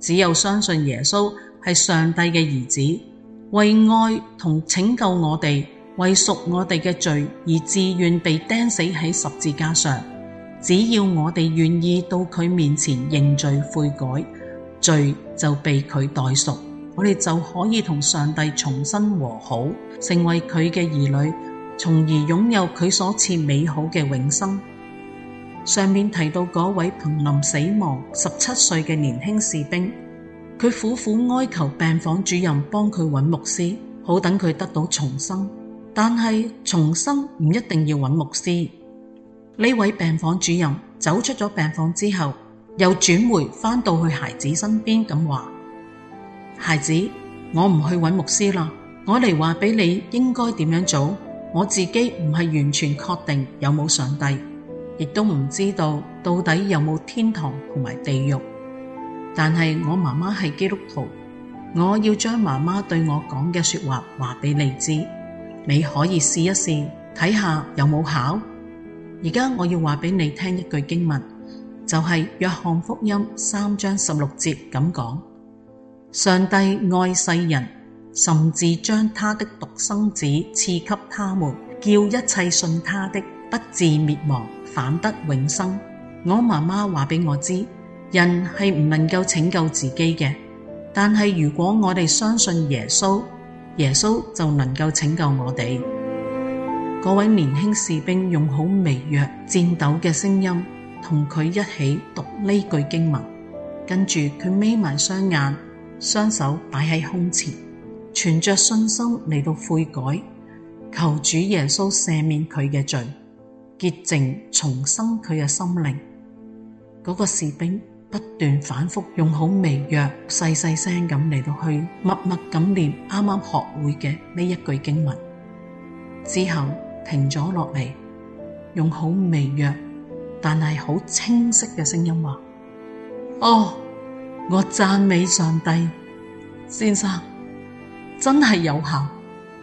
只有相信耶穌係上帝嘅兒子，為愛同拯救我哋，為贖我哋嘅罪而自願被釘死喺十字架上。只要我哋願意到佢面前認罪悔改，罪就被佢代贖，我哋就可以同上帝重新和好，成為佢嘅兒女，從而擁有佢所賜美好嘅永生。上面提到嗰位瀕臨死亡，十七歲嘅年輕士兵，佢苦苦哀求病房主任幫佢揾牧師，好等佢得到重生。但係重生唔一定要揾牧師。呢位病房主任走出咗病房之後，又轉回翻到去孩子身邊咁話：孩子，我唔去揾牧師啦，我嚟話俾你應該點樣做。我自己唔係完全確定有冇上帝。亦都唔知道到底有冇天堂同埋地獄，但係我媽媽係基督徒，我要將媽媽對我講嘅說話話畀你知。你可以試一試睇下有冇考。而家我要話畀你聽一句經文，就係約翰福音三章十六節咁講：上帝愛世人，甚至將他的獨生子賜給他們，叫一切信他的不至滅亡。得永生。我媽媽話俾我知，人係唔能夠拯救自己嘅，但係如果我哋相信耶穌，耶穌就能夠拯救我哋。嗰位年輕士兵用好微弱、顫抖嘅聲音同佢一起讀呢句經文，跟住佢眯埋雙眼，雙手擺喺胸前，存着信心嚟到悔改，求主耶穌赦免佢嘅罪。潔淨重生佢嘅心靈，嗰個士兵不斷反覆用好微弱、細細聲咁嚟到去默默咁念啱啱學會嘅呢一句經文，之後停咗落嚟，用好微弱但係好清晰嘅聲音話：「哦，我讚美上帝。先生，真係有效，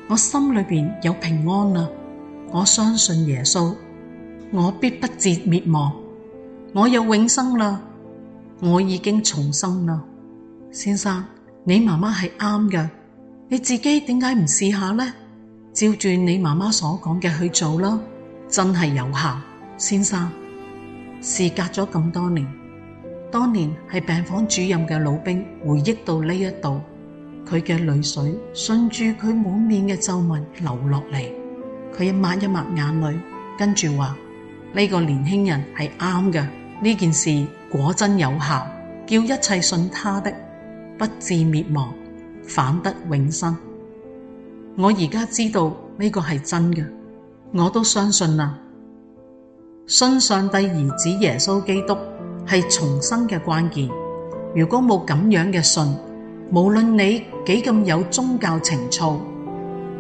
我心裏邊有平安啦，我相信耶穌。」我必不至滅亡，我有永生啦！我已經重生啦，先生，你媽媽係啱嘅，你自己點解唔試下呢？照住你媽媽所講嘅去做啦，真係有效，先生。事隔咗咁多年，當年係病房主任嘅老兵回憶到呢一度，佢嘅淚水順住佢滿面嘅皺紋流落嚟，佢一抹一抹眼淚，跟住話。呢個年輕人係啱嘅，呢件事果真有效，叫一切信他的不至滅亡，反得永生。我而家知道呢個係真嘅，我都相信啦。信上帝兒子耶穌基督係重生嘅關鍵。如果冇咁樣嘅信，無論你幾咁有宗教情操，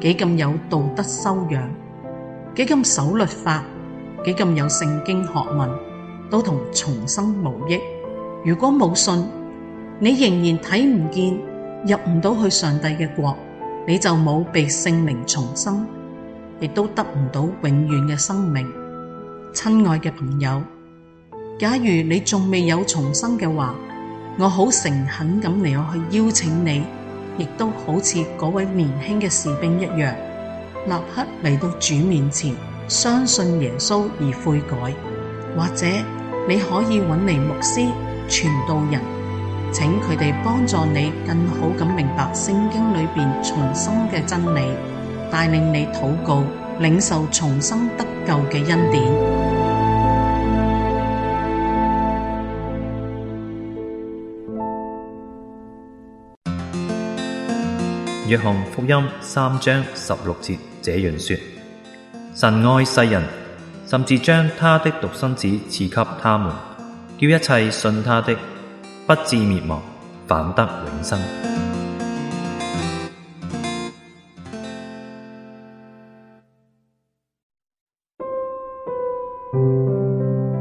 幾咁有道德修養，幾咁守律法，幾咁有聖經學問，都同重生無益。如果冇信，你仍然睇唔見，入唔到去上帝嘅國，你就冇被聖靈重生，亦都得唔到永遠嘅生命。親愛嘅朋友，假如你仲未有重生嘅話，我好誠懇咁嚟，我去邀請你，亦都好似嗰位年輕嘅士兵一樣，立刻嚟到主面前。相信耶穌而悔改，或者你可以揾嚟牧師、傳道人，請佢哋幫助你更好咁明白聖經裏邊重生嘅真理，帶領你禱告，領受重生得救嘅恩典。約翰福音三章十六節這樣說。神愛世人，甚至將他的獨生子賜給他們，叫一切信他的，不至滅亡，反得永生。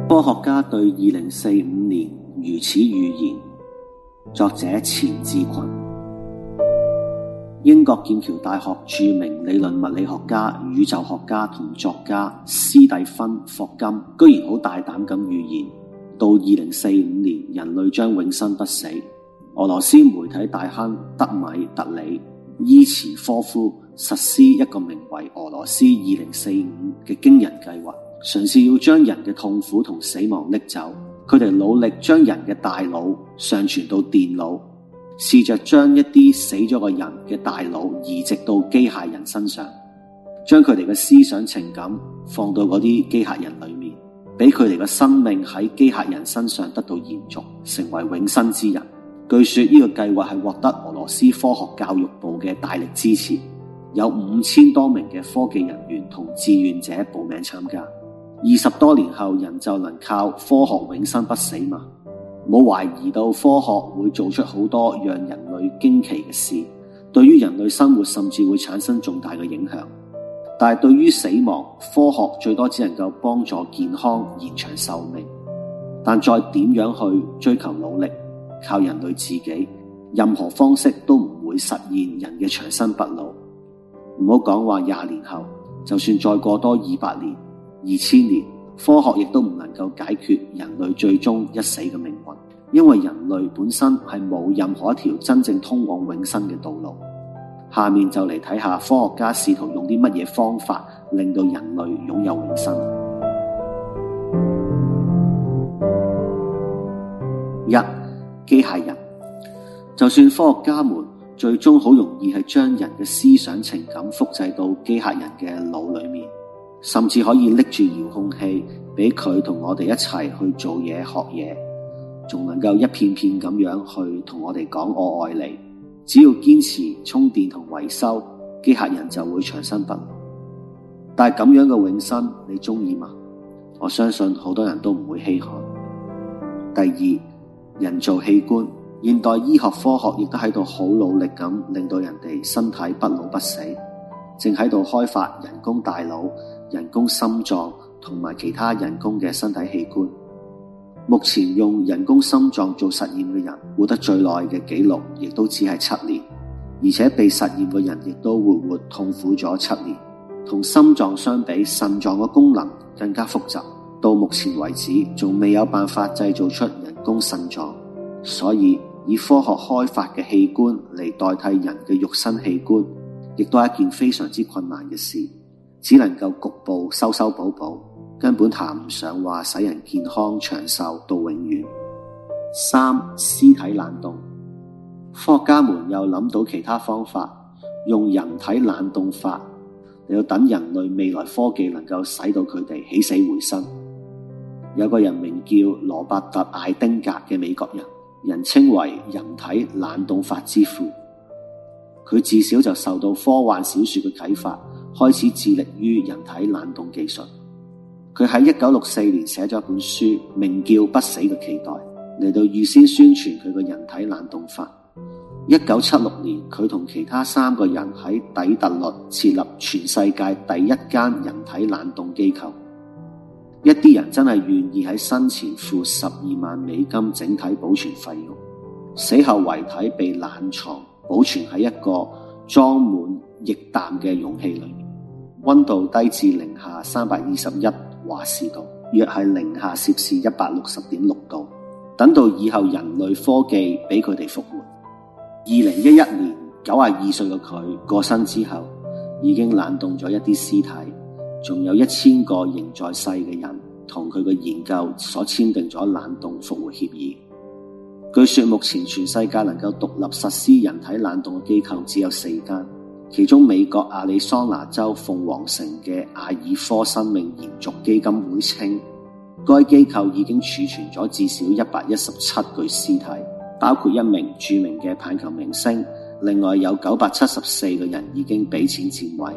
科學家對二零四五年如此預言，作者錢志群。英國劍橋大學著名理論物理學家、宇宙學家同作家斯蒂芬霍金，居然好大膽咁預言，到二零四五年人類將永生不死。俄羅斯媒體大亨德米特里伊茨科夫實施一個名為俄羅斯二零四五嘅驚人計劃，嘗試要將人嘅痛苦同死亡拎走。佢哋努力將人嘅大腦上傳到電腦。試着將一啲死咗嘅人嘅大腦移植到機械人身上，將佢哋嘅思想情感放到嗰啲機械人裏面，俾佢哋嘅生命喺機械人身上得到延續，成為永生之人。據說呢個計劃係獲得俄羅斯科學教育部嘅大力支持，有五千多名嘅科技人員同志願者報名參加。二十多年後，人就能靠科學永生不死嘛？冇懷疑到科學會做出好多讓人類驚奇嘅事，對於人類生活甚至會產生重大嘅影響。但係對於死亡，科學最多只能夠幫助健康、延長壽命。但再點樣去追求努力，靠人類自己，任何方式都唔會實現人嘅長生不老。唔好講話廿年後，就算再過多二百年、二千年。科學亦都唔能夠解決人類最終一死嘅命運，因為人類本身係冇任何一條真正通往永生嘅道路。下面就嚟睇下科學家試圖用啲乜嘢方法令到人類擁有永生。一，機械人，就算科學家們最終好容易係將人嘅思想情感複製到機械人嘅腦裏面。甚至可以拎住遙控器俾佢同我哋一齊去做嘢、學嘢，仲能夠一片片咁樣去同我哋講，我愛你。只要堅持充電同維修，機械人就會長生不老。但係咁樣嘅永生，你中意嗎？我相信好多人都唔會稀罕。第二，人造器官，現代醫學科學亦都喺度好努力咁令到人哋身體不老不死，正喺度開發人工大腦。人工心臟同埋其他人工嘅身體器官，目前用人工心臟做實驗嘅人活得最耐嘅紀錄，亦都只係七年，而且被實驗嘅人亦都活活痛苦咗七年。同心臟相比，腎臟嘅功能更加複雜，到目前為止仲未有辦法製造出人工腎臟，所以以科學開發嘅器官嚟代替人嘅肉身器官，亦都係一件非常之困難嘅事。只能夠局部修修補補，根本談唔上話使人健康長壽到永遠。三、屍體冷凍，科學家們又諗到其他方法，用人體冷凍法，又要等人類未來科技能夠使到佢哋起死回生。有個人名叫羅伯特·艾丁格嘅美國人，人稱為人體冷凍法之父。佢自小就受到科幻小說嘅啟發，開始致力於人體冷凍技術。佢喺一九六四年寫咗一本書，名叫《不死嘅期待》，嚟到預先宣傳佢嘅人體冷凍法。一九七六年，佢同其他三個人喺底特律設立全世界第一間人體冷凍機構。一啲人真係願意喺生前付十二萬美金整體保存費用，死後遺體被冷藏。保存喺一個裝滿液氮嘅容器裏面，面溫度低至零下三百二十一華氏度，約係零下攝氏一百六十點六度。等到以後人類科技俾佢哋復活。二零一一年九十二歲嘅佢過身之後，已經冷凍咗一啲屍體，仲有一千個仍在世嘅人同佢嘅研究所簽訂咗冷凍復活協議。據說目前全世界能夠獨立實施人體冷凍嘅機構只有四間，其中美國亞利桑那州鳳凰城嘅阿爾科生命延續基金會稱，該機構已經儲存咗至少一百一十七具屍體，包括一名著名嘅棒球明星。另外有九百七十四個人已經俾錢佔位。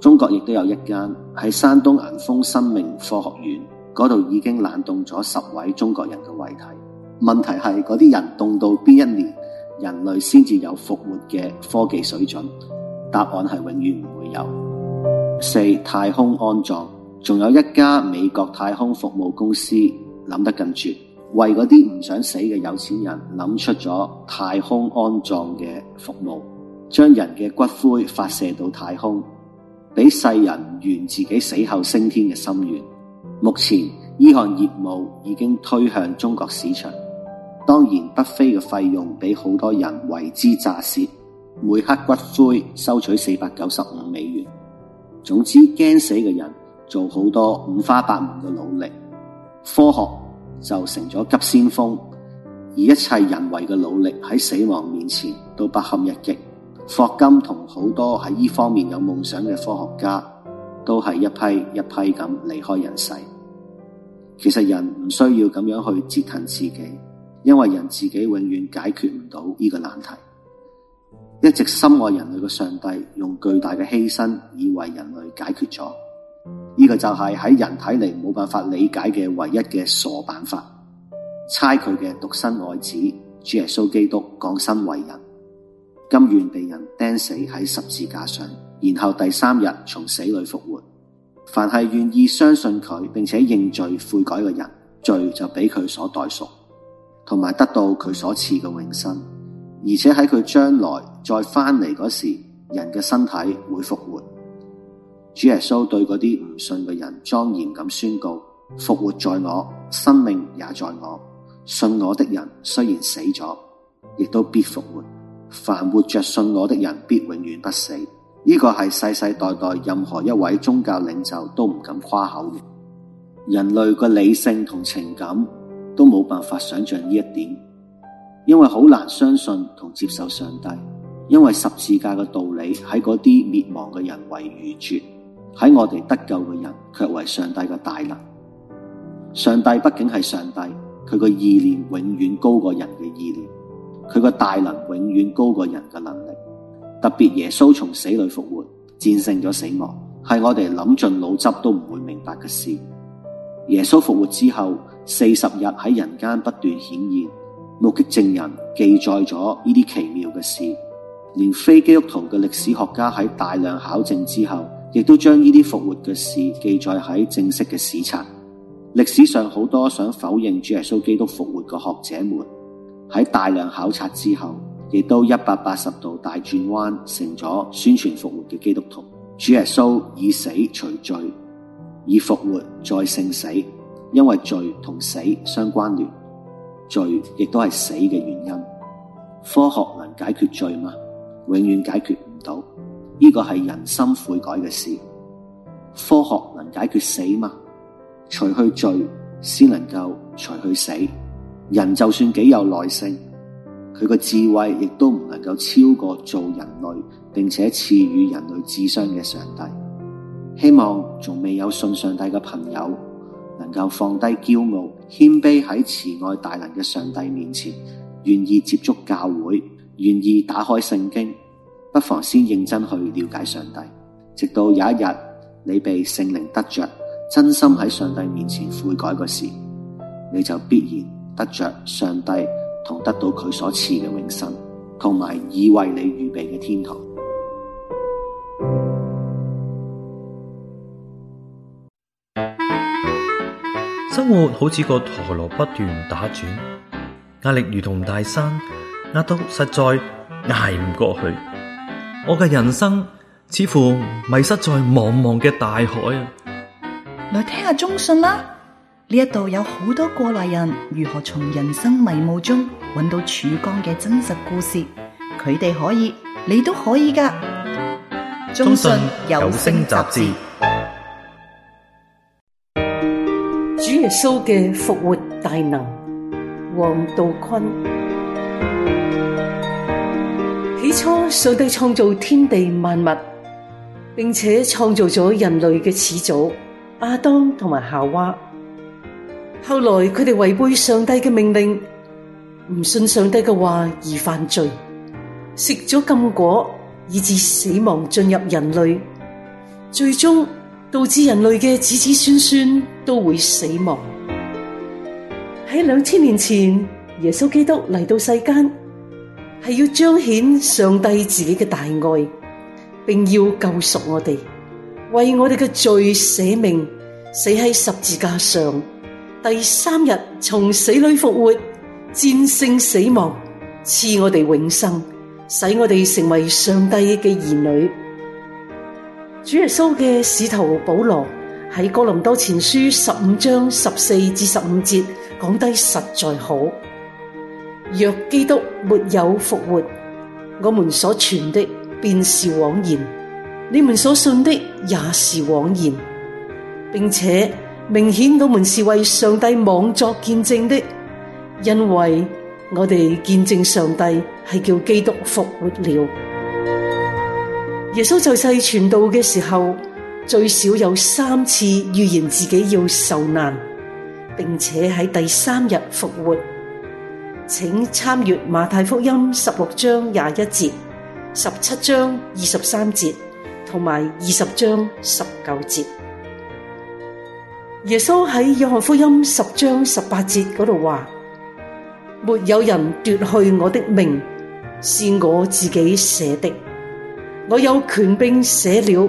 中國亦都有一間喺山東銀豐生命科學院嗰度，已經冷凍咗十位中國人嘅遺體。問題係嗰啲人凍到邊一年，人類先至有復活嘅科技水準。答案係永遠唔會有。四太空安葬，仲有一家美國太空服務公司諗得更絕，為嗰啲唔想死嘅有錢人諗出咗太空安葬嘅服務，將人嘅骨灰發射到太空，俾世人圓自己死後升天嘅心願。目前呢項業務已經推向中國市場。當然，不菲嘅費用俾好多人為之咋舌，每克骨灰收取四百九十五美元。總之，驚死嘅人做好多五花八門嘅努力，科學就成咗急先鋒，而一切人為嘅努力喺死亡面前都不堪一擊。霍金同好多喺呢方面有夢想嘅科學家，都係一批一批咁離開人世。其實人唔需要咁樣去折騰自己。因為人自己永遠解決唔到呢個難題，一直深愛人類嘅上帝用巨大嘅犧牲，以為人類解決咗呢、這個就係喺人睇嚟冇辦法理解嘅唯一嘅傻辦法。差佢嘅獨生愛子主耶穌基督降生為人，甘願被人釘死喺十字架上，然後第三日從死裏復活。凡係願意相信佢並且認罪悔改嘅人，罪就俾佢所代贖。同埋得到佢所賜嘅永生，而且喺佢將來再翻嚟嗰時，人嘅身體會復活。主耶穌對嗰啲唔信嘅人莊嚴咁宣告：復活在我，生命也在我。信我的人雖然死咗，亦都必復活。凡活着信我的人，必永遠不死。呢個係世世代代任何一位宗教領袖都唔敢誇口嘅。人類嘅理性同情感，都冇辦法想象呢一點，因為好難相信同接受上帝，因為十字架嘅道理喺嗰啲滅亡嘅人為愚拙，喺我哋得救嘅人卻為上帝嘅大能。上帝畢竟係上帝，佢個意念永遠高過人嘅意念，佢個大能永遠高過人嘅能力。特別耶穌從死裡復活，戰勝咗死亡，係我哋諗盡腦汁都唔會明白嘅事。耶穌復活之後，四十日喺人間不斷顯現，目擊證人記載咗呢啲奇妙嘅事，連非基督徒嘅歷史學家喺大量考證之後，亦都將呢啲復活嘅事記載喺正式嘅史冊。歷史上好多想否認主耶穌基督復活嘅學者們，喺大量考察之後，亦都一百八十度大轉彎，成咗宣傳復活嘅基督徒。主耶穌以死除罪，以復活再勝死。因為罪同死相關聯，罪亦都係死嘅原因。科學能解決罪嗎？永遠解決唔到。呢個係人心悔改嘅事。科學能解決死嗎？除去罪，先能夠除去死。人就算幾有耐性，佢嘅智慧亦都唔能夠超過做人類，並且賜予人類智商嘅上帝。希望仲未有信上帝嘅朋友，能夠放低驕傲，謙卑喺慈愛大能嘅上帝面前，願意接觸教會，願意打開聖經，不妨先認真去了解上帝。直到有一日，你被聖靈得着，真心喺上帝面前悔改嘅事，你就必然得着上帝同得到佢所賜嘅永生，同埋已為你預備嘅天堂。生活好似個陀螺不斷打轉，壓力如同大山，壓到實在捱唔過去。我嘅人生似乎迷失在茫茫嘅大海啊！來聽下中信啦，呢一度有好多過來人如何從人生迷霧中揾到曙光嘅真實故事，佢哋可以，你都可以㗎。中信有聲雜誌。耶穌嘅復活大能，王道堃。起初，上帝創造天地萬物，並且創造咗人類嘅始祖阿當同埋夏娃。後來佢哋違背上帝嘅命令，唔信上帝嘅話而犯罪，食咗禁果，以致死亡進入人類，最終導致人類嘅子子孫孫。都會死亡。喺兩千年前，耶穌基督嚟到世間，係要彰顯上帝自己嘅大愛，並要救贖我哋，為我哋嘅罪捨命，死喺十字架上，第三日從死裏復活，戰勝死亡，賜我哋永生，使我哋成為上帝嘅兒女。主耶穌嘅使徒保羅。喺哥林多前書十五章十四至十五節講得實在好。若基督沒有復活，我們所傳的便是枉然，你們所信的也是枉然，並且明顯我們是為上帝妄作見證的，因為我哋見證上帝係叫基督復活了。耶穌在世傳道嘅時候。最少有三次預言自己要受難，並且喺第三日復活。請參閱馬太福音十六章廿一節、十七章二十三節同埋二十章十九節。耶穌喺約翰福音十章十八節嗰度話：沒有人奪去我的命，是我自己捨的。我有權柄捨了。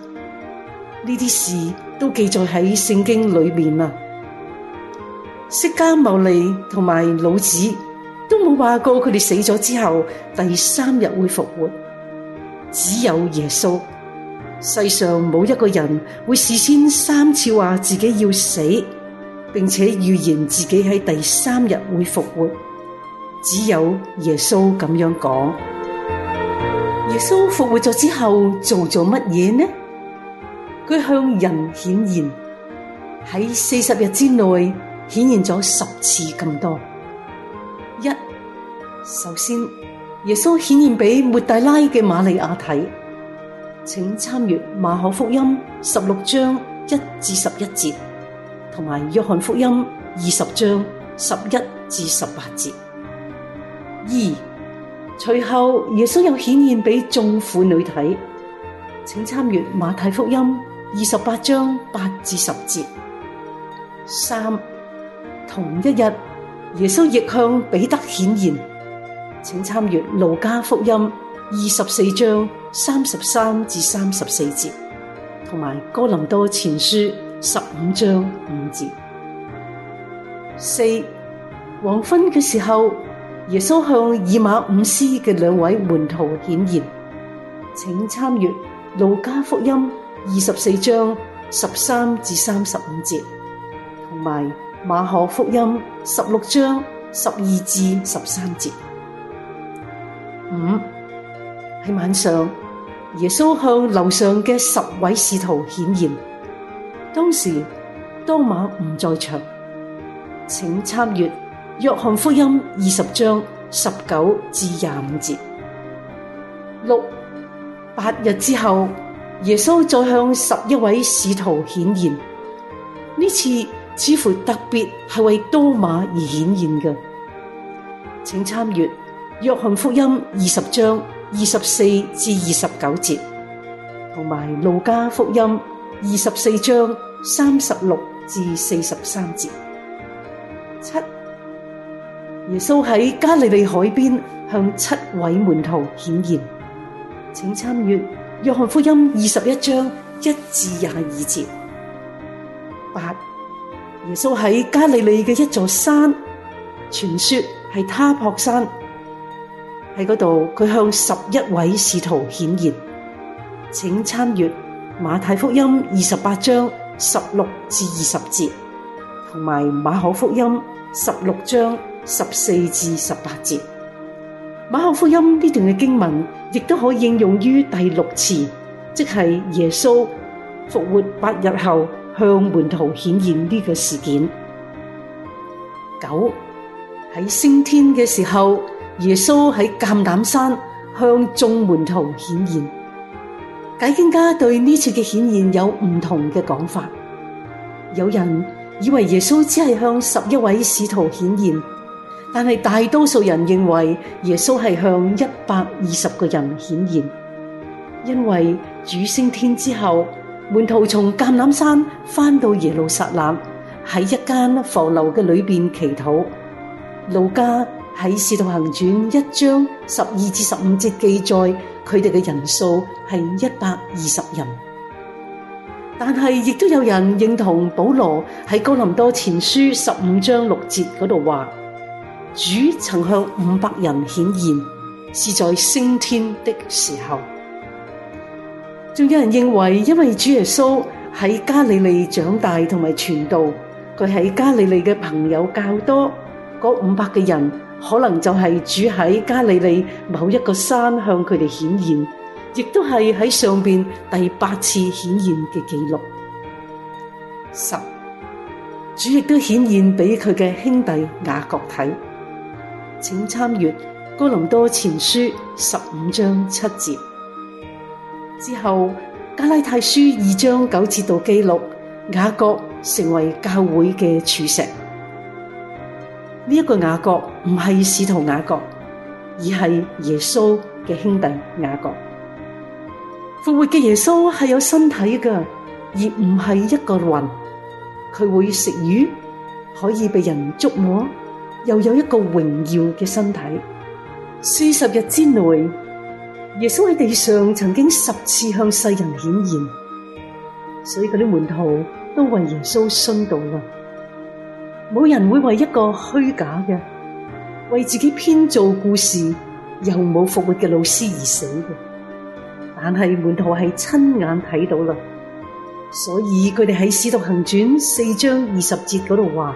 呢啲事都記載喺聖經裏面啦。釋迦牟尼同埋老子都冇話過佢哋死咗之後第三日會復活，只有耶穌。世上冇一個人會事先三次話自己要死，並且預言自己喺第三日會復活，只有耶穌咁樣講。耶穌復活咗之後做咗乜嘢呢？佢向人顯現喺四十日之內顯現咗十次咁多。一、首先，耶穌顯現俾抹大拉嘅馬利亞睇，請參閱馬可福音十六章一至十一節，同埋約翰福音二十章十一至十八節。二、隨後，耶穌又顯現俾眾婦女睇，請參閱馬太福音。二十八章八至十節三同一日，耶穌亦向彼得顯現，請參閱《路加福音》二十四章三十三至三十四節，同埋《哥林多前書》十五章五節。四黃昏嘅時候，耶穌向以馬忤斯嘅兩位門徒顯現，請參閱《路加福音》。二十四章十三至三十五節，同埋馬可福音十六章十二至十三節。五、喺晚上，耶穌向樓上嘅十位使徒顯現。當時當晚唔在場，請參閱約翰福音二十章十九至廿五節。六、八日之後。耶穌再向十一位使徒顯現，呢次似乎特別係為多馬而顯現嘅，請參閱《約翰福音》二十章二十四至二十九節，同埋《路加福音》二十四章三十六至四十三節。七、耶穌喺加利利海邊向七位門徒顯現，請參閱。約翰福音二十一章一至廿二節，八耶穌喺加利利嘅一座山，傳說係他泊山，喺嗰度佢向十一位使徒顯現，請參閱馬太福音二十八章十六至二十節，同埋馬可福音十六章十四至十八節。馬可福音呢段嘅經文，亦都可以應用於第六次，即係耶穌復活八日後向門徒顯現呢個事件。九喺升天嘅時候，耶穌喺橄欖山向眾門徒顯現。解經家對呢次嘅顯現有唔同嘅講法，有人以為耶穌只係向十一位使徒顯現。但係，大多數人認為耶穌係向一百二十個人顯現，因為主升天之後，門徒從橄欖山返到耶路撒冷，喺一間房樓嘅裏邊祈禱。路加喺《使徒行傳》一章十二至十五節記載，佢哋嘅人數係一百二十人。但係，亦都有人認同保羅喺《哥林多前書》十五章六節嗰度話。主曾向五百人顯現，是在升天的時候。仲有人認為，因為主耶穌喺加利利長大同埋傳道，佢喺加利利嘅朋友較多，嗰五百個人可能就係主喺加利利某一個山向佢哋顯現，亦都係喺上面第八次顯現嘅記錄。十，主亦都顯現俾佢嘅兄弟雅各睇。請參閱《哥林多前書》十五章七節之後，《加拉太書》二章九節度，記錄雅各成為教會嘅柱石。呢、這、一個雅各唔係使徒雅各，而係耶穌嘅兄弟雅各。復活嘅耶穌係有身體嘅，而唔係一個魂。佢會食魚，可以被人捉摸。又有一個榮耀嘅身體，四十日之內，耶穌喺地上曾經十次向世人顯現，所以嗰啲門徒都為耶穌殉道啦。冇人會為一個虛假嘅，為自己編造故事又冇復活嘅老師而死嘅。但係門徒係親眼睇到啦，所以佢哋喺《使徒行傳》四章二十節嗰度話。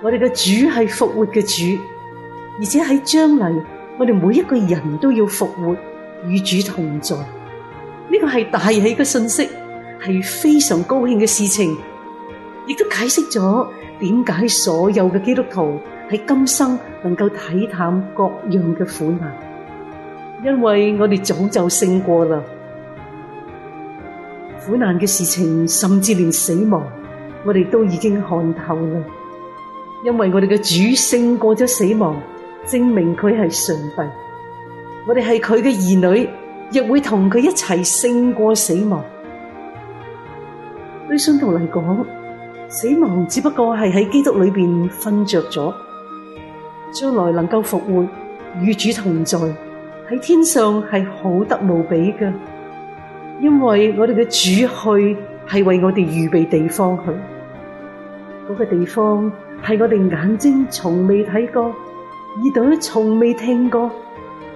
我哋嘅主係復活嘅主，而且喺將來，我哋每一個人都要復活，與主同在。呢個係大喜嘅信息，係非常高興嘅事情，亦都解釋咗點解所有嘅基督徒喺今生能夠體驗各樣嘅苦難，因為我哋早就勝過啦。苦難嘅事情，甚至連死亡，我哋都已經看透啦。因為我哋嘅主勝過咗死亡，證明佢係上帝。我哋係佢嘅兒女，亦會同佢一齊勝過死亡。對信徒嚟講，死亡只不過係喺基督裏面瞓着咗，將來能夠復活，與主同在，喺天上係好得無比嘅。因為我哋嘅主去，係為我哋預備地方去嗰個地方。係我哋眼睛，從未睇過耳朵從未聽過，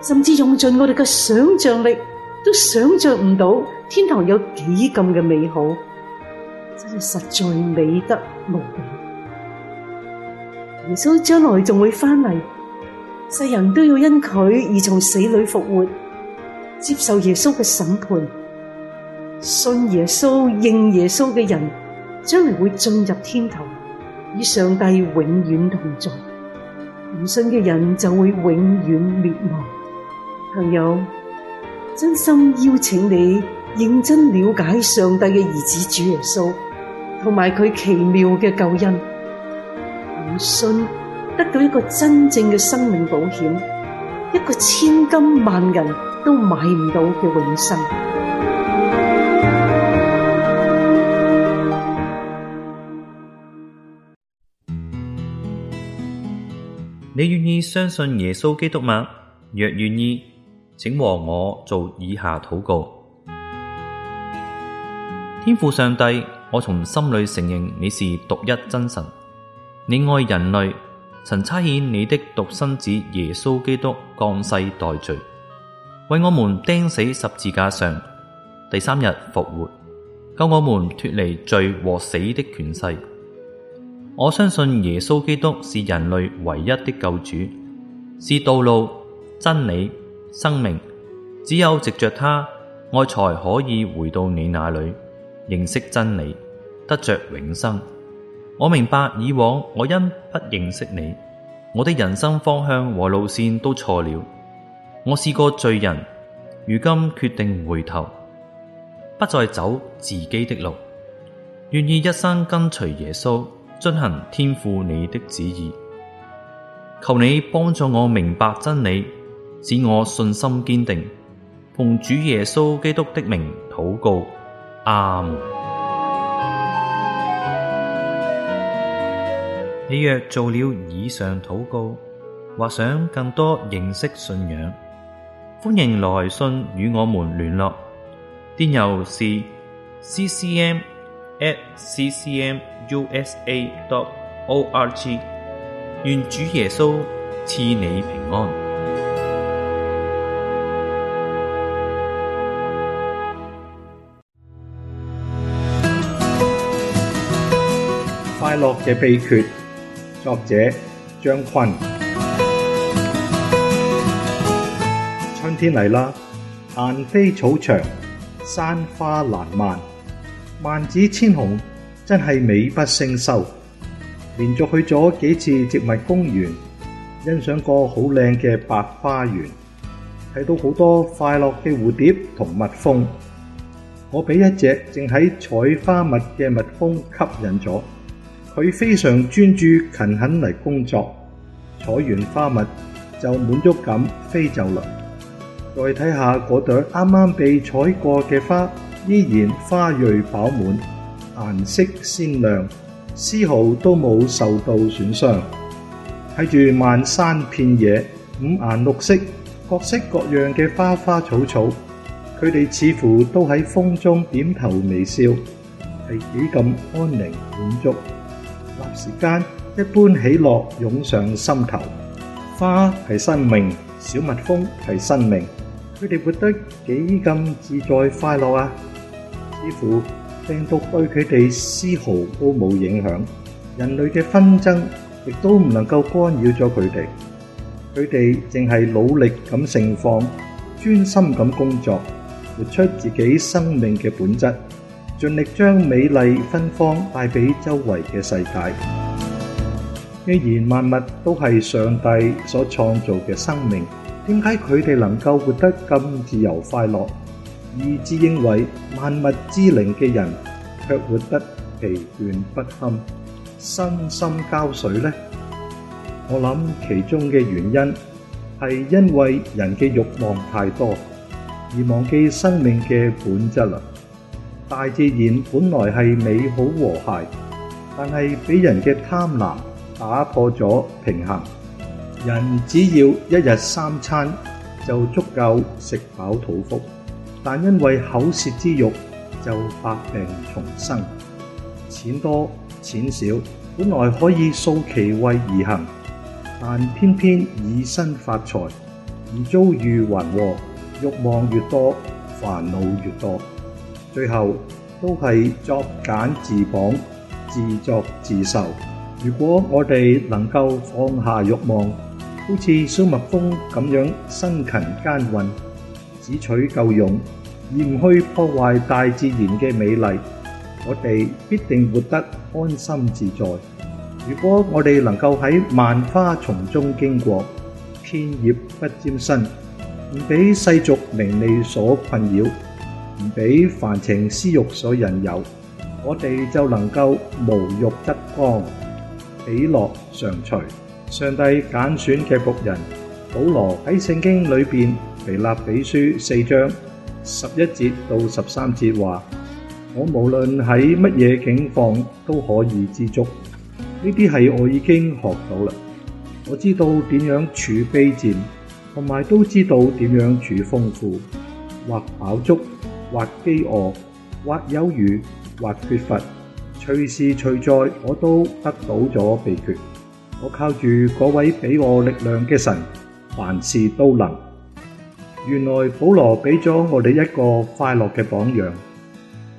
甚至用盡我哋嘅想象力都想象唔到天堂有幾咁嘅美好，真係實在美得無比。耶穌將來仲會返嚟，世人都要因佢而從死裏復活，接受耶穌嘅審判。信耶穌、認耶穌嘅人，將來會進入天堂，與上帝永遠同在，唔信嘅人就會永遠滅亡。朋友，真心邀請你認真了解上帝嘅兒子主耶穌，同埋佢奇妙嘅救恩。唔信得到一個真正嘅生命保險，一個千金萬銀都買唔到嘅永生。你願意相信耶穌基督嗎？若願意，請和我做以下禱告。天父上帝，我從心裏承認你是獨一真神，你愛人類，曾差遣你的獨生子耶穌基督降世代罪，為我們釘死十字架上，第三日復活，救我們脫離罪和死的權勢。我相信耶穌基督是人類唯一的救主，是道路、真理、生命。只有藉著他，我才可以回到你那裏，認識真理，得着永生。我明白以往我因不認識你，我的人生方向和路綫都錯了。我是個罪人，如今決定回頭，不再走自己的路，願意一生跟隨耶穌。遵行天父你的旨意，求你幫助我明白真理，使我信心堅定。奉主耶穌基督的名禱告，阿門。 你若做了以上禱告，或想更多認識信仰，歡迎來信與我們聯絡。電郵是 CCM。at ccmusa.org，願主耶穌賜你平安。快樂嘅秘訣，作者張琨。春天嚟啦，雁飛草長，山花爛漫。萬紫千紅真係美不勝收。連續去咗幾次植物公園，欣賞過好靚嘅百花園，睇到好多快樂嘅蝴蝶同蜜蜂。我俾一隻正喺採花蜜嘅蜜蜂吸引咗，佢非常專注勤懇嚟工作，採完花蜜就滿足咁飛走啦。再睇下嗰朵啱啱被採過嘅花。依然花蕊飽滿，顏色鮮亮，絲毫都冇受到損傷。睇住漫山遍野，五顏六色、各式各樣嘅花花草草，佢哋似乎都喺風中點頭微笑，係幾咁安寧滿足。霎時間，一般喜樂湧上心頭。花係生命，小蜜蜂係生命，佢哋活得幾咁自在快樂啊！似乎病毒對佢哋絲毫都冇影響，人類嘅紛爭亦都唔能夠干擾咗佢哋，佢哋淨係努力咁盛放，專心咁工作，活出自己生命嘅本質，盡力將美麗芬芳帶俾周圍嘅世界。既然萬物都係上帝所創造嘅生命，點解佢哋能夠活得咁自由快樂？以致因為萬物之靈的人卻活得疲倦不堪，身心交瘁呢？我諗其中的原因是因為人的欲望太多，而忘記生命的本質啦。大自然本來是美好和諧，但是被人的貪婪打破了平衡。人只要一日三餐，就足夠食飽肚腹。但因為口舌之欲，就百病重生。錢多錢少，本來可以素其位而行，但偏偏以身發財，而遭遇雲禍。欲望越多，煩惱越多，最後都係作繭自綁，自作自受。如果我哋能夠放下欲望，好似小蜜蜂咁樣辛勤耕耘，只取夠用，而唔去破壞大自然嘅美麗，我哋必定活得安心自在。如果我哋能夠喺萬花叢中經過，片葉不沾身，唔俾世俗名利所困擾，唔俾凡情私欲所引誘，我哋就能夠無欲則剛，喜樂常隨。上帝揀選嘅僕人保羅喺聖經裏邊。腓立比書四章十一節到十三節話：我無論喺乜嘢境況都可以知足。呢啲係我已經學到啦。我知道點樣處卑賤，同埋都知道點樣處豐富，或飽足，或飢餓，或有餘，或缺乏，隨時隨在我都得到咗秘訣。我靠住嗰位俾我力量嘅神，凡事都能。原來保羅俾咗我哋一個快樂嘅榜樣，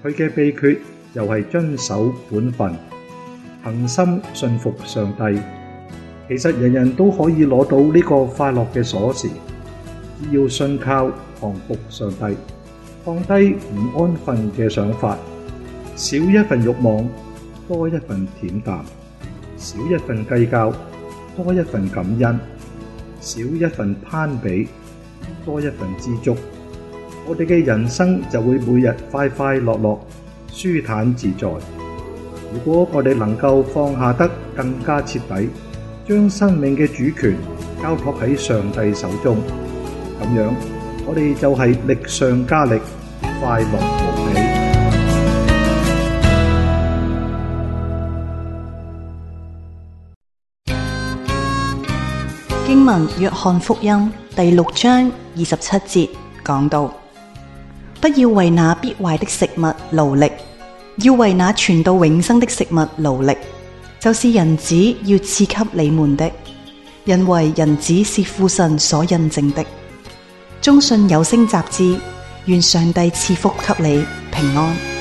佢嘅秘訣又係遵守本分、恒心信服上帝。其實人人都可以攞到呢個快樂嘅鎖匙，只要信靠、降服上帝，放低唔安分嘅想法，少一份欲望，多一份恬淡；少一份計較，多一份感恩；少一份攀比。多一份知足，我哋嘅人生就會每日快快樂樂、舒坦自在。如果我哋能夠放下得更加徹底，將生命嘅主權交託喺上帝手中，咁樣我哋就係力上加力，快樂。文約翰福音第六章二十七節講到：不要為那必壞的食物勞力，要為那存到永生的食物勞力，就是人子要賜給你們的。因為人子是父神所印證的。中信有聲雜誌，願上帝賜福給你平安。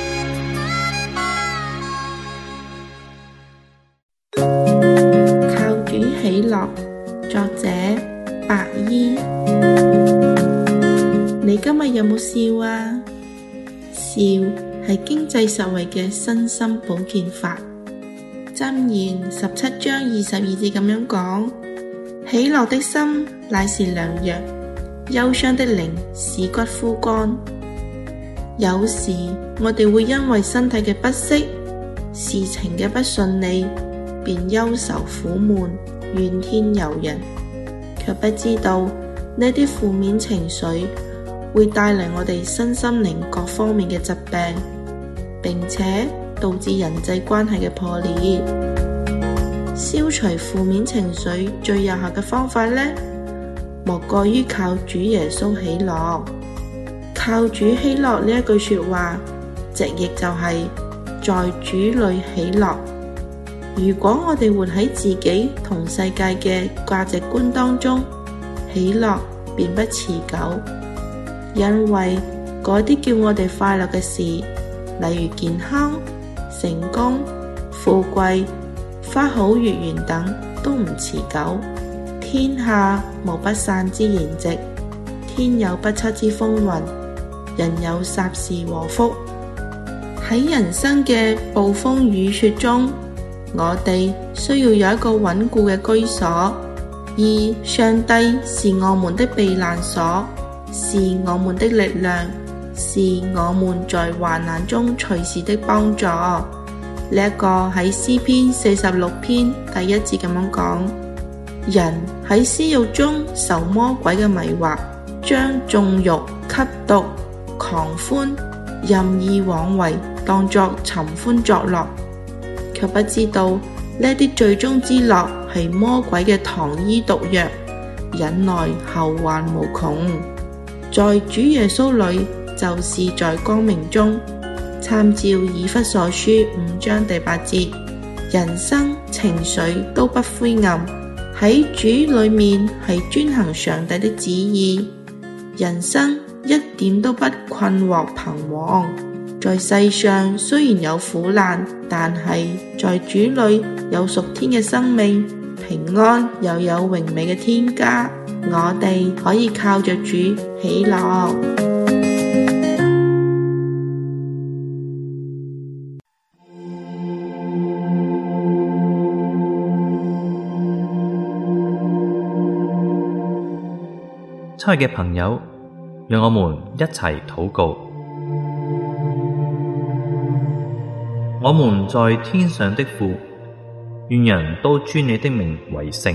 有冇笑啊？笑係經濟實惠嘅身心保健法。《箴言》十七章二十二節咁樣講：喜樂的心乃是良藥，憂傷的靈使骨枯乾。有時我哋會因為身體嘅不適、事情嘅不順利，便憂愁苦悶、怨天尤人，卻不知道呢啲負面情緒。會帶嚟我哋身心靈各方面嘅疾病，並且導致人際關係嘅破裂。消除負面情緒最有效嘅方法呢，莫過於靠主耶穌喜樂。靠主喜樂呢一句說話，直譯就係在主裏喜樂。如果我哋活喺自己同世界嘅價值觀當中，喜樂並不持久。因為嗰啲叫我哋快樂嘅事，例如健康、成功、富貴、花好月圓等，都唔持久。天下無不散之筵席，天有不測之風雲，人有霎時禍福。喺人生嘅暴風雨雪中，我哋需要有一個穩固嘅居所，而上帝是我們的避難所。是我們的力量，是我們在患難中隨時的幫助。呢、這、一個喺詩篇四十六篇第一節咁樣講：人喺私欲中受魔鬼嘅迷惑，將縱欲吸毒、狂歡、任意妄為當作尋歡作樂，卻不知道呢啲最終之樂係魔鬼嘅糖衣毒藥，忍耐後患無窮。在主耶穌裏，就是在光明中，參照以弗所書五章第八節，人生情緒都不灰暗。喺主裏面係遵行上帝的旨意，人生一點都不困惑彷徨。在世上雖然有苦難，但係在主裏有屬天嘅生命，平安又有榮美嘅天家。我哋可以靠着主喜樂。親愛嘅朋友，讓我們一齊禱告。我們在天上的父，願人都尊你的名為聖。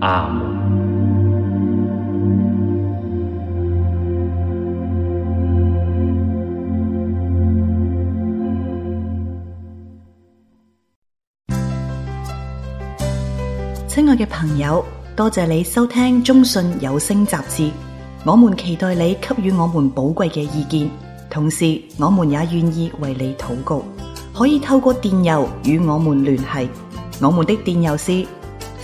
阿門。親愛嘅朋友，多謝你收聽中信有聲雜誌。我們期待你給予我們寶貴嘅意見，同時我們也願意為你禱告。可以透過電郵與我們聯繫。我們的電郵是。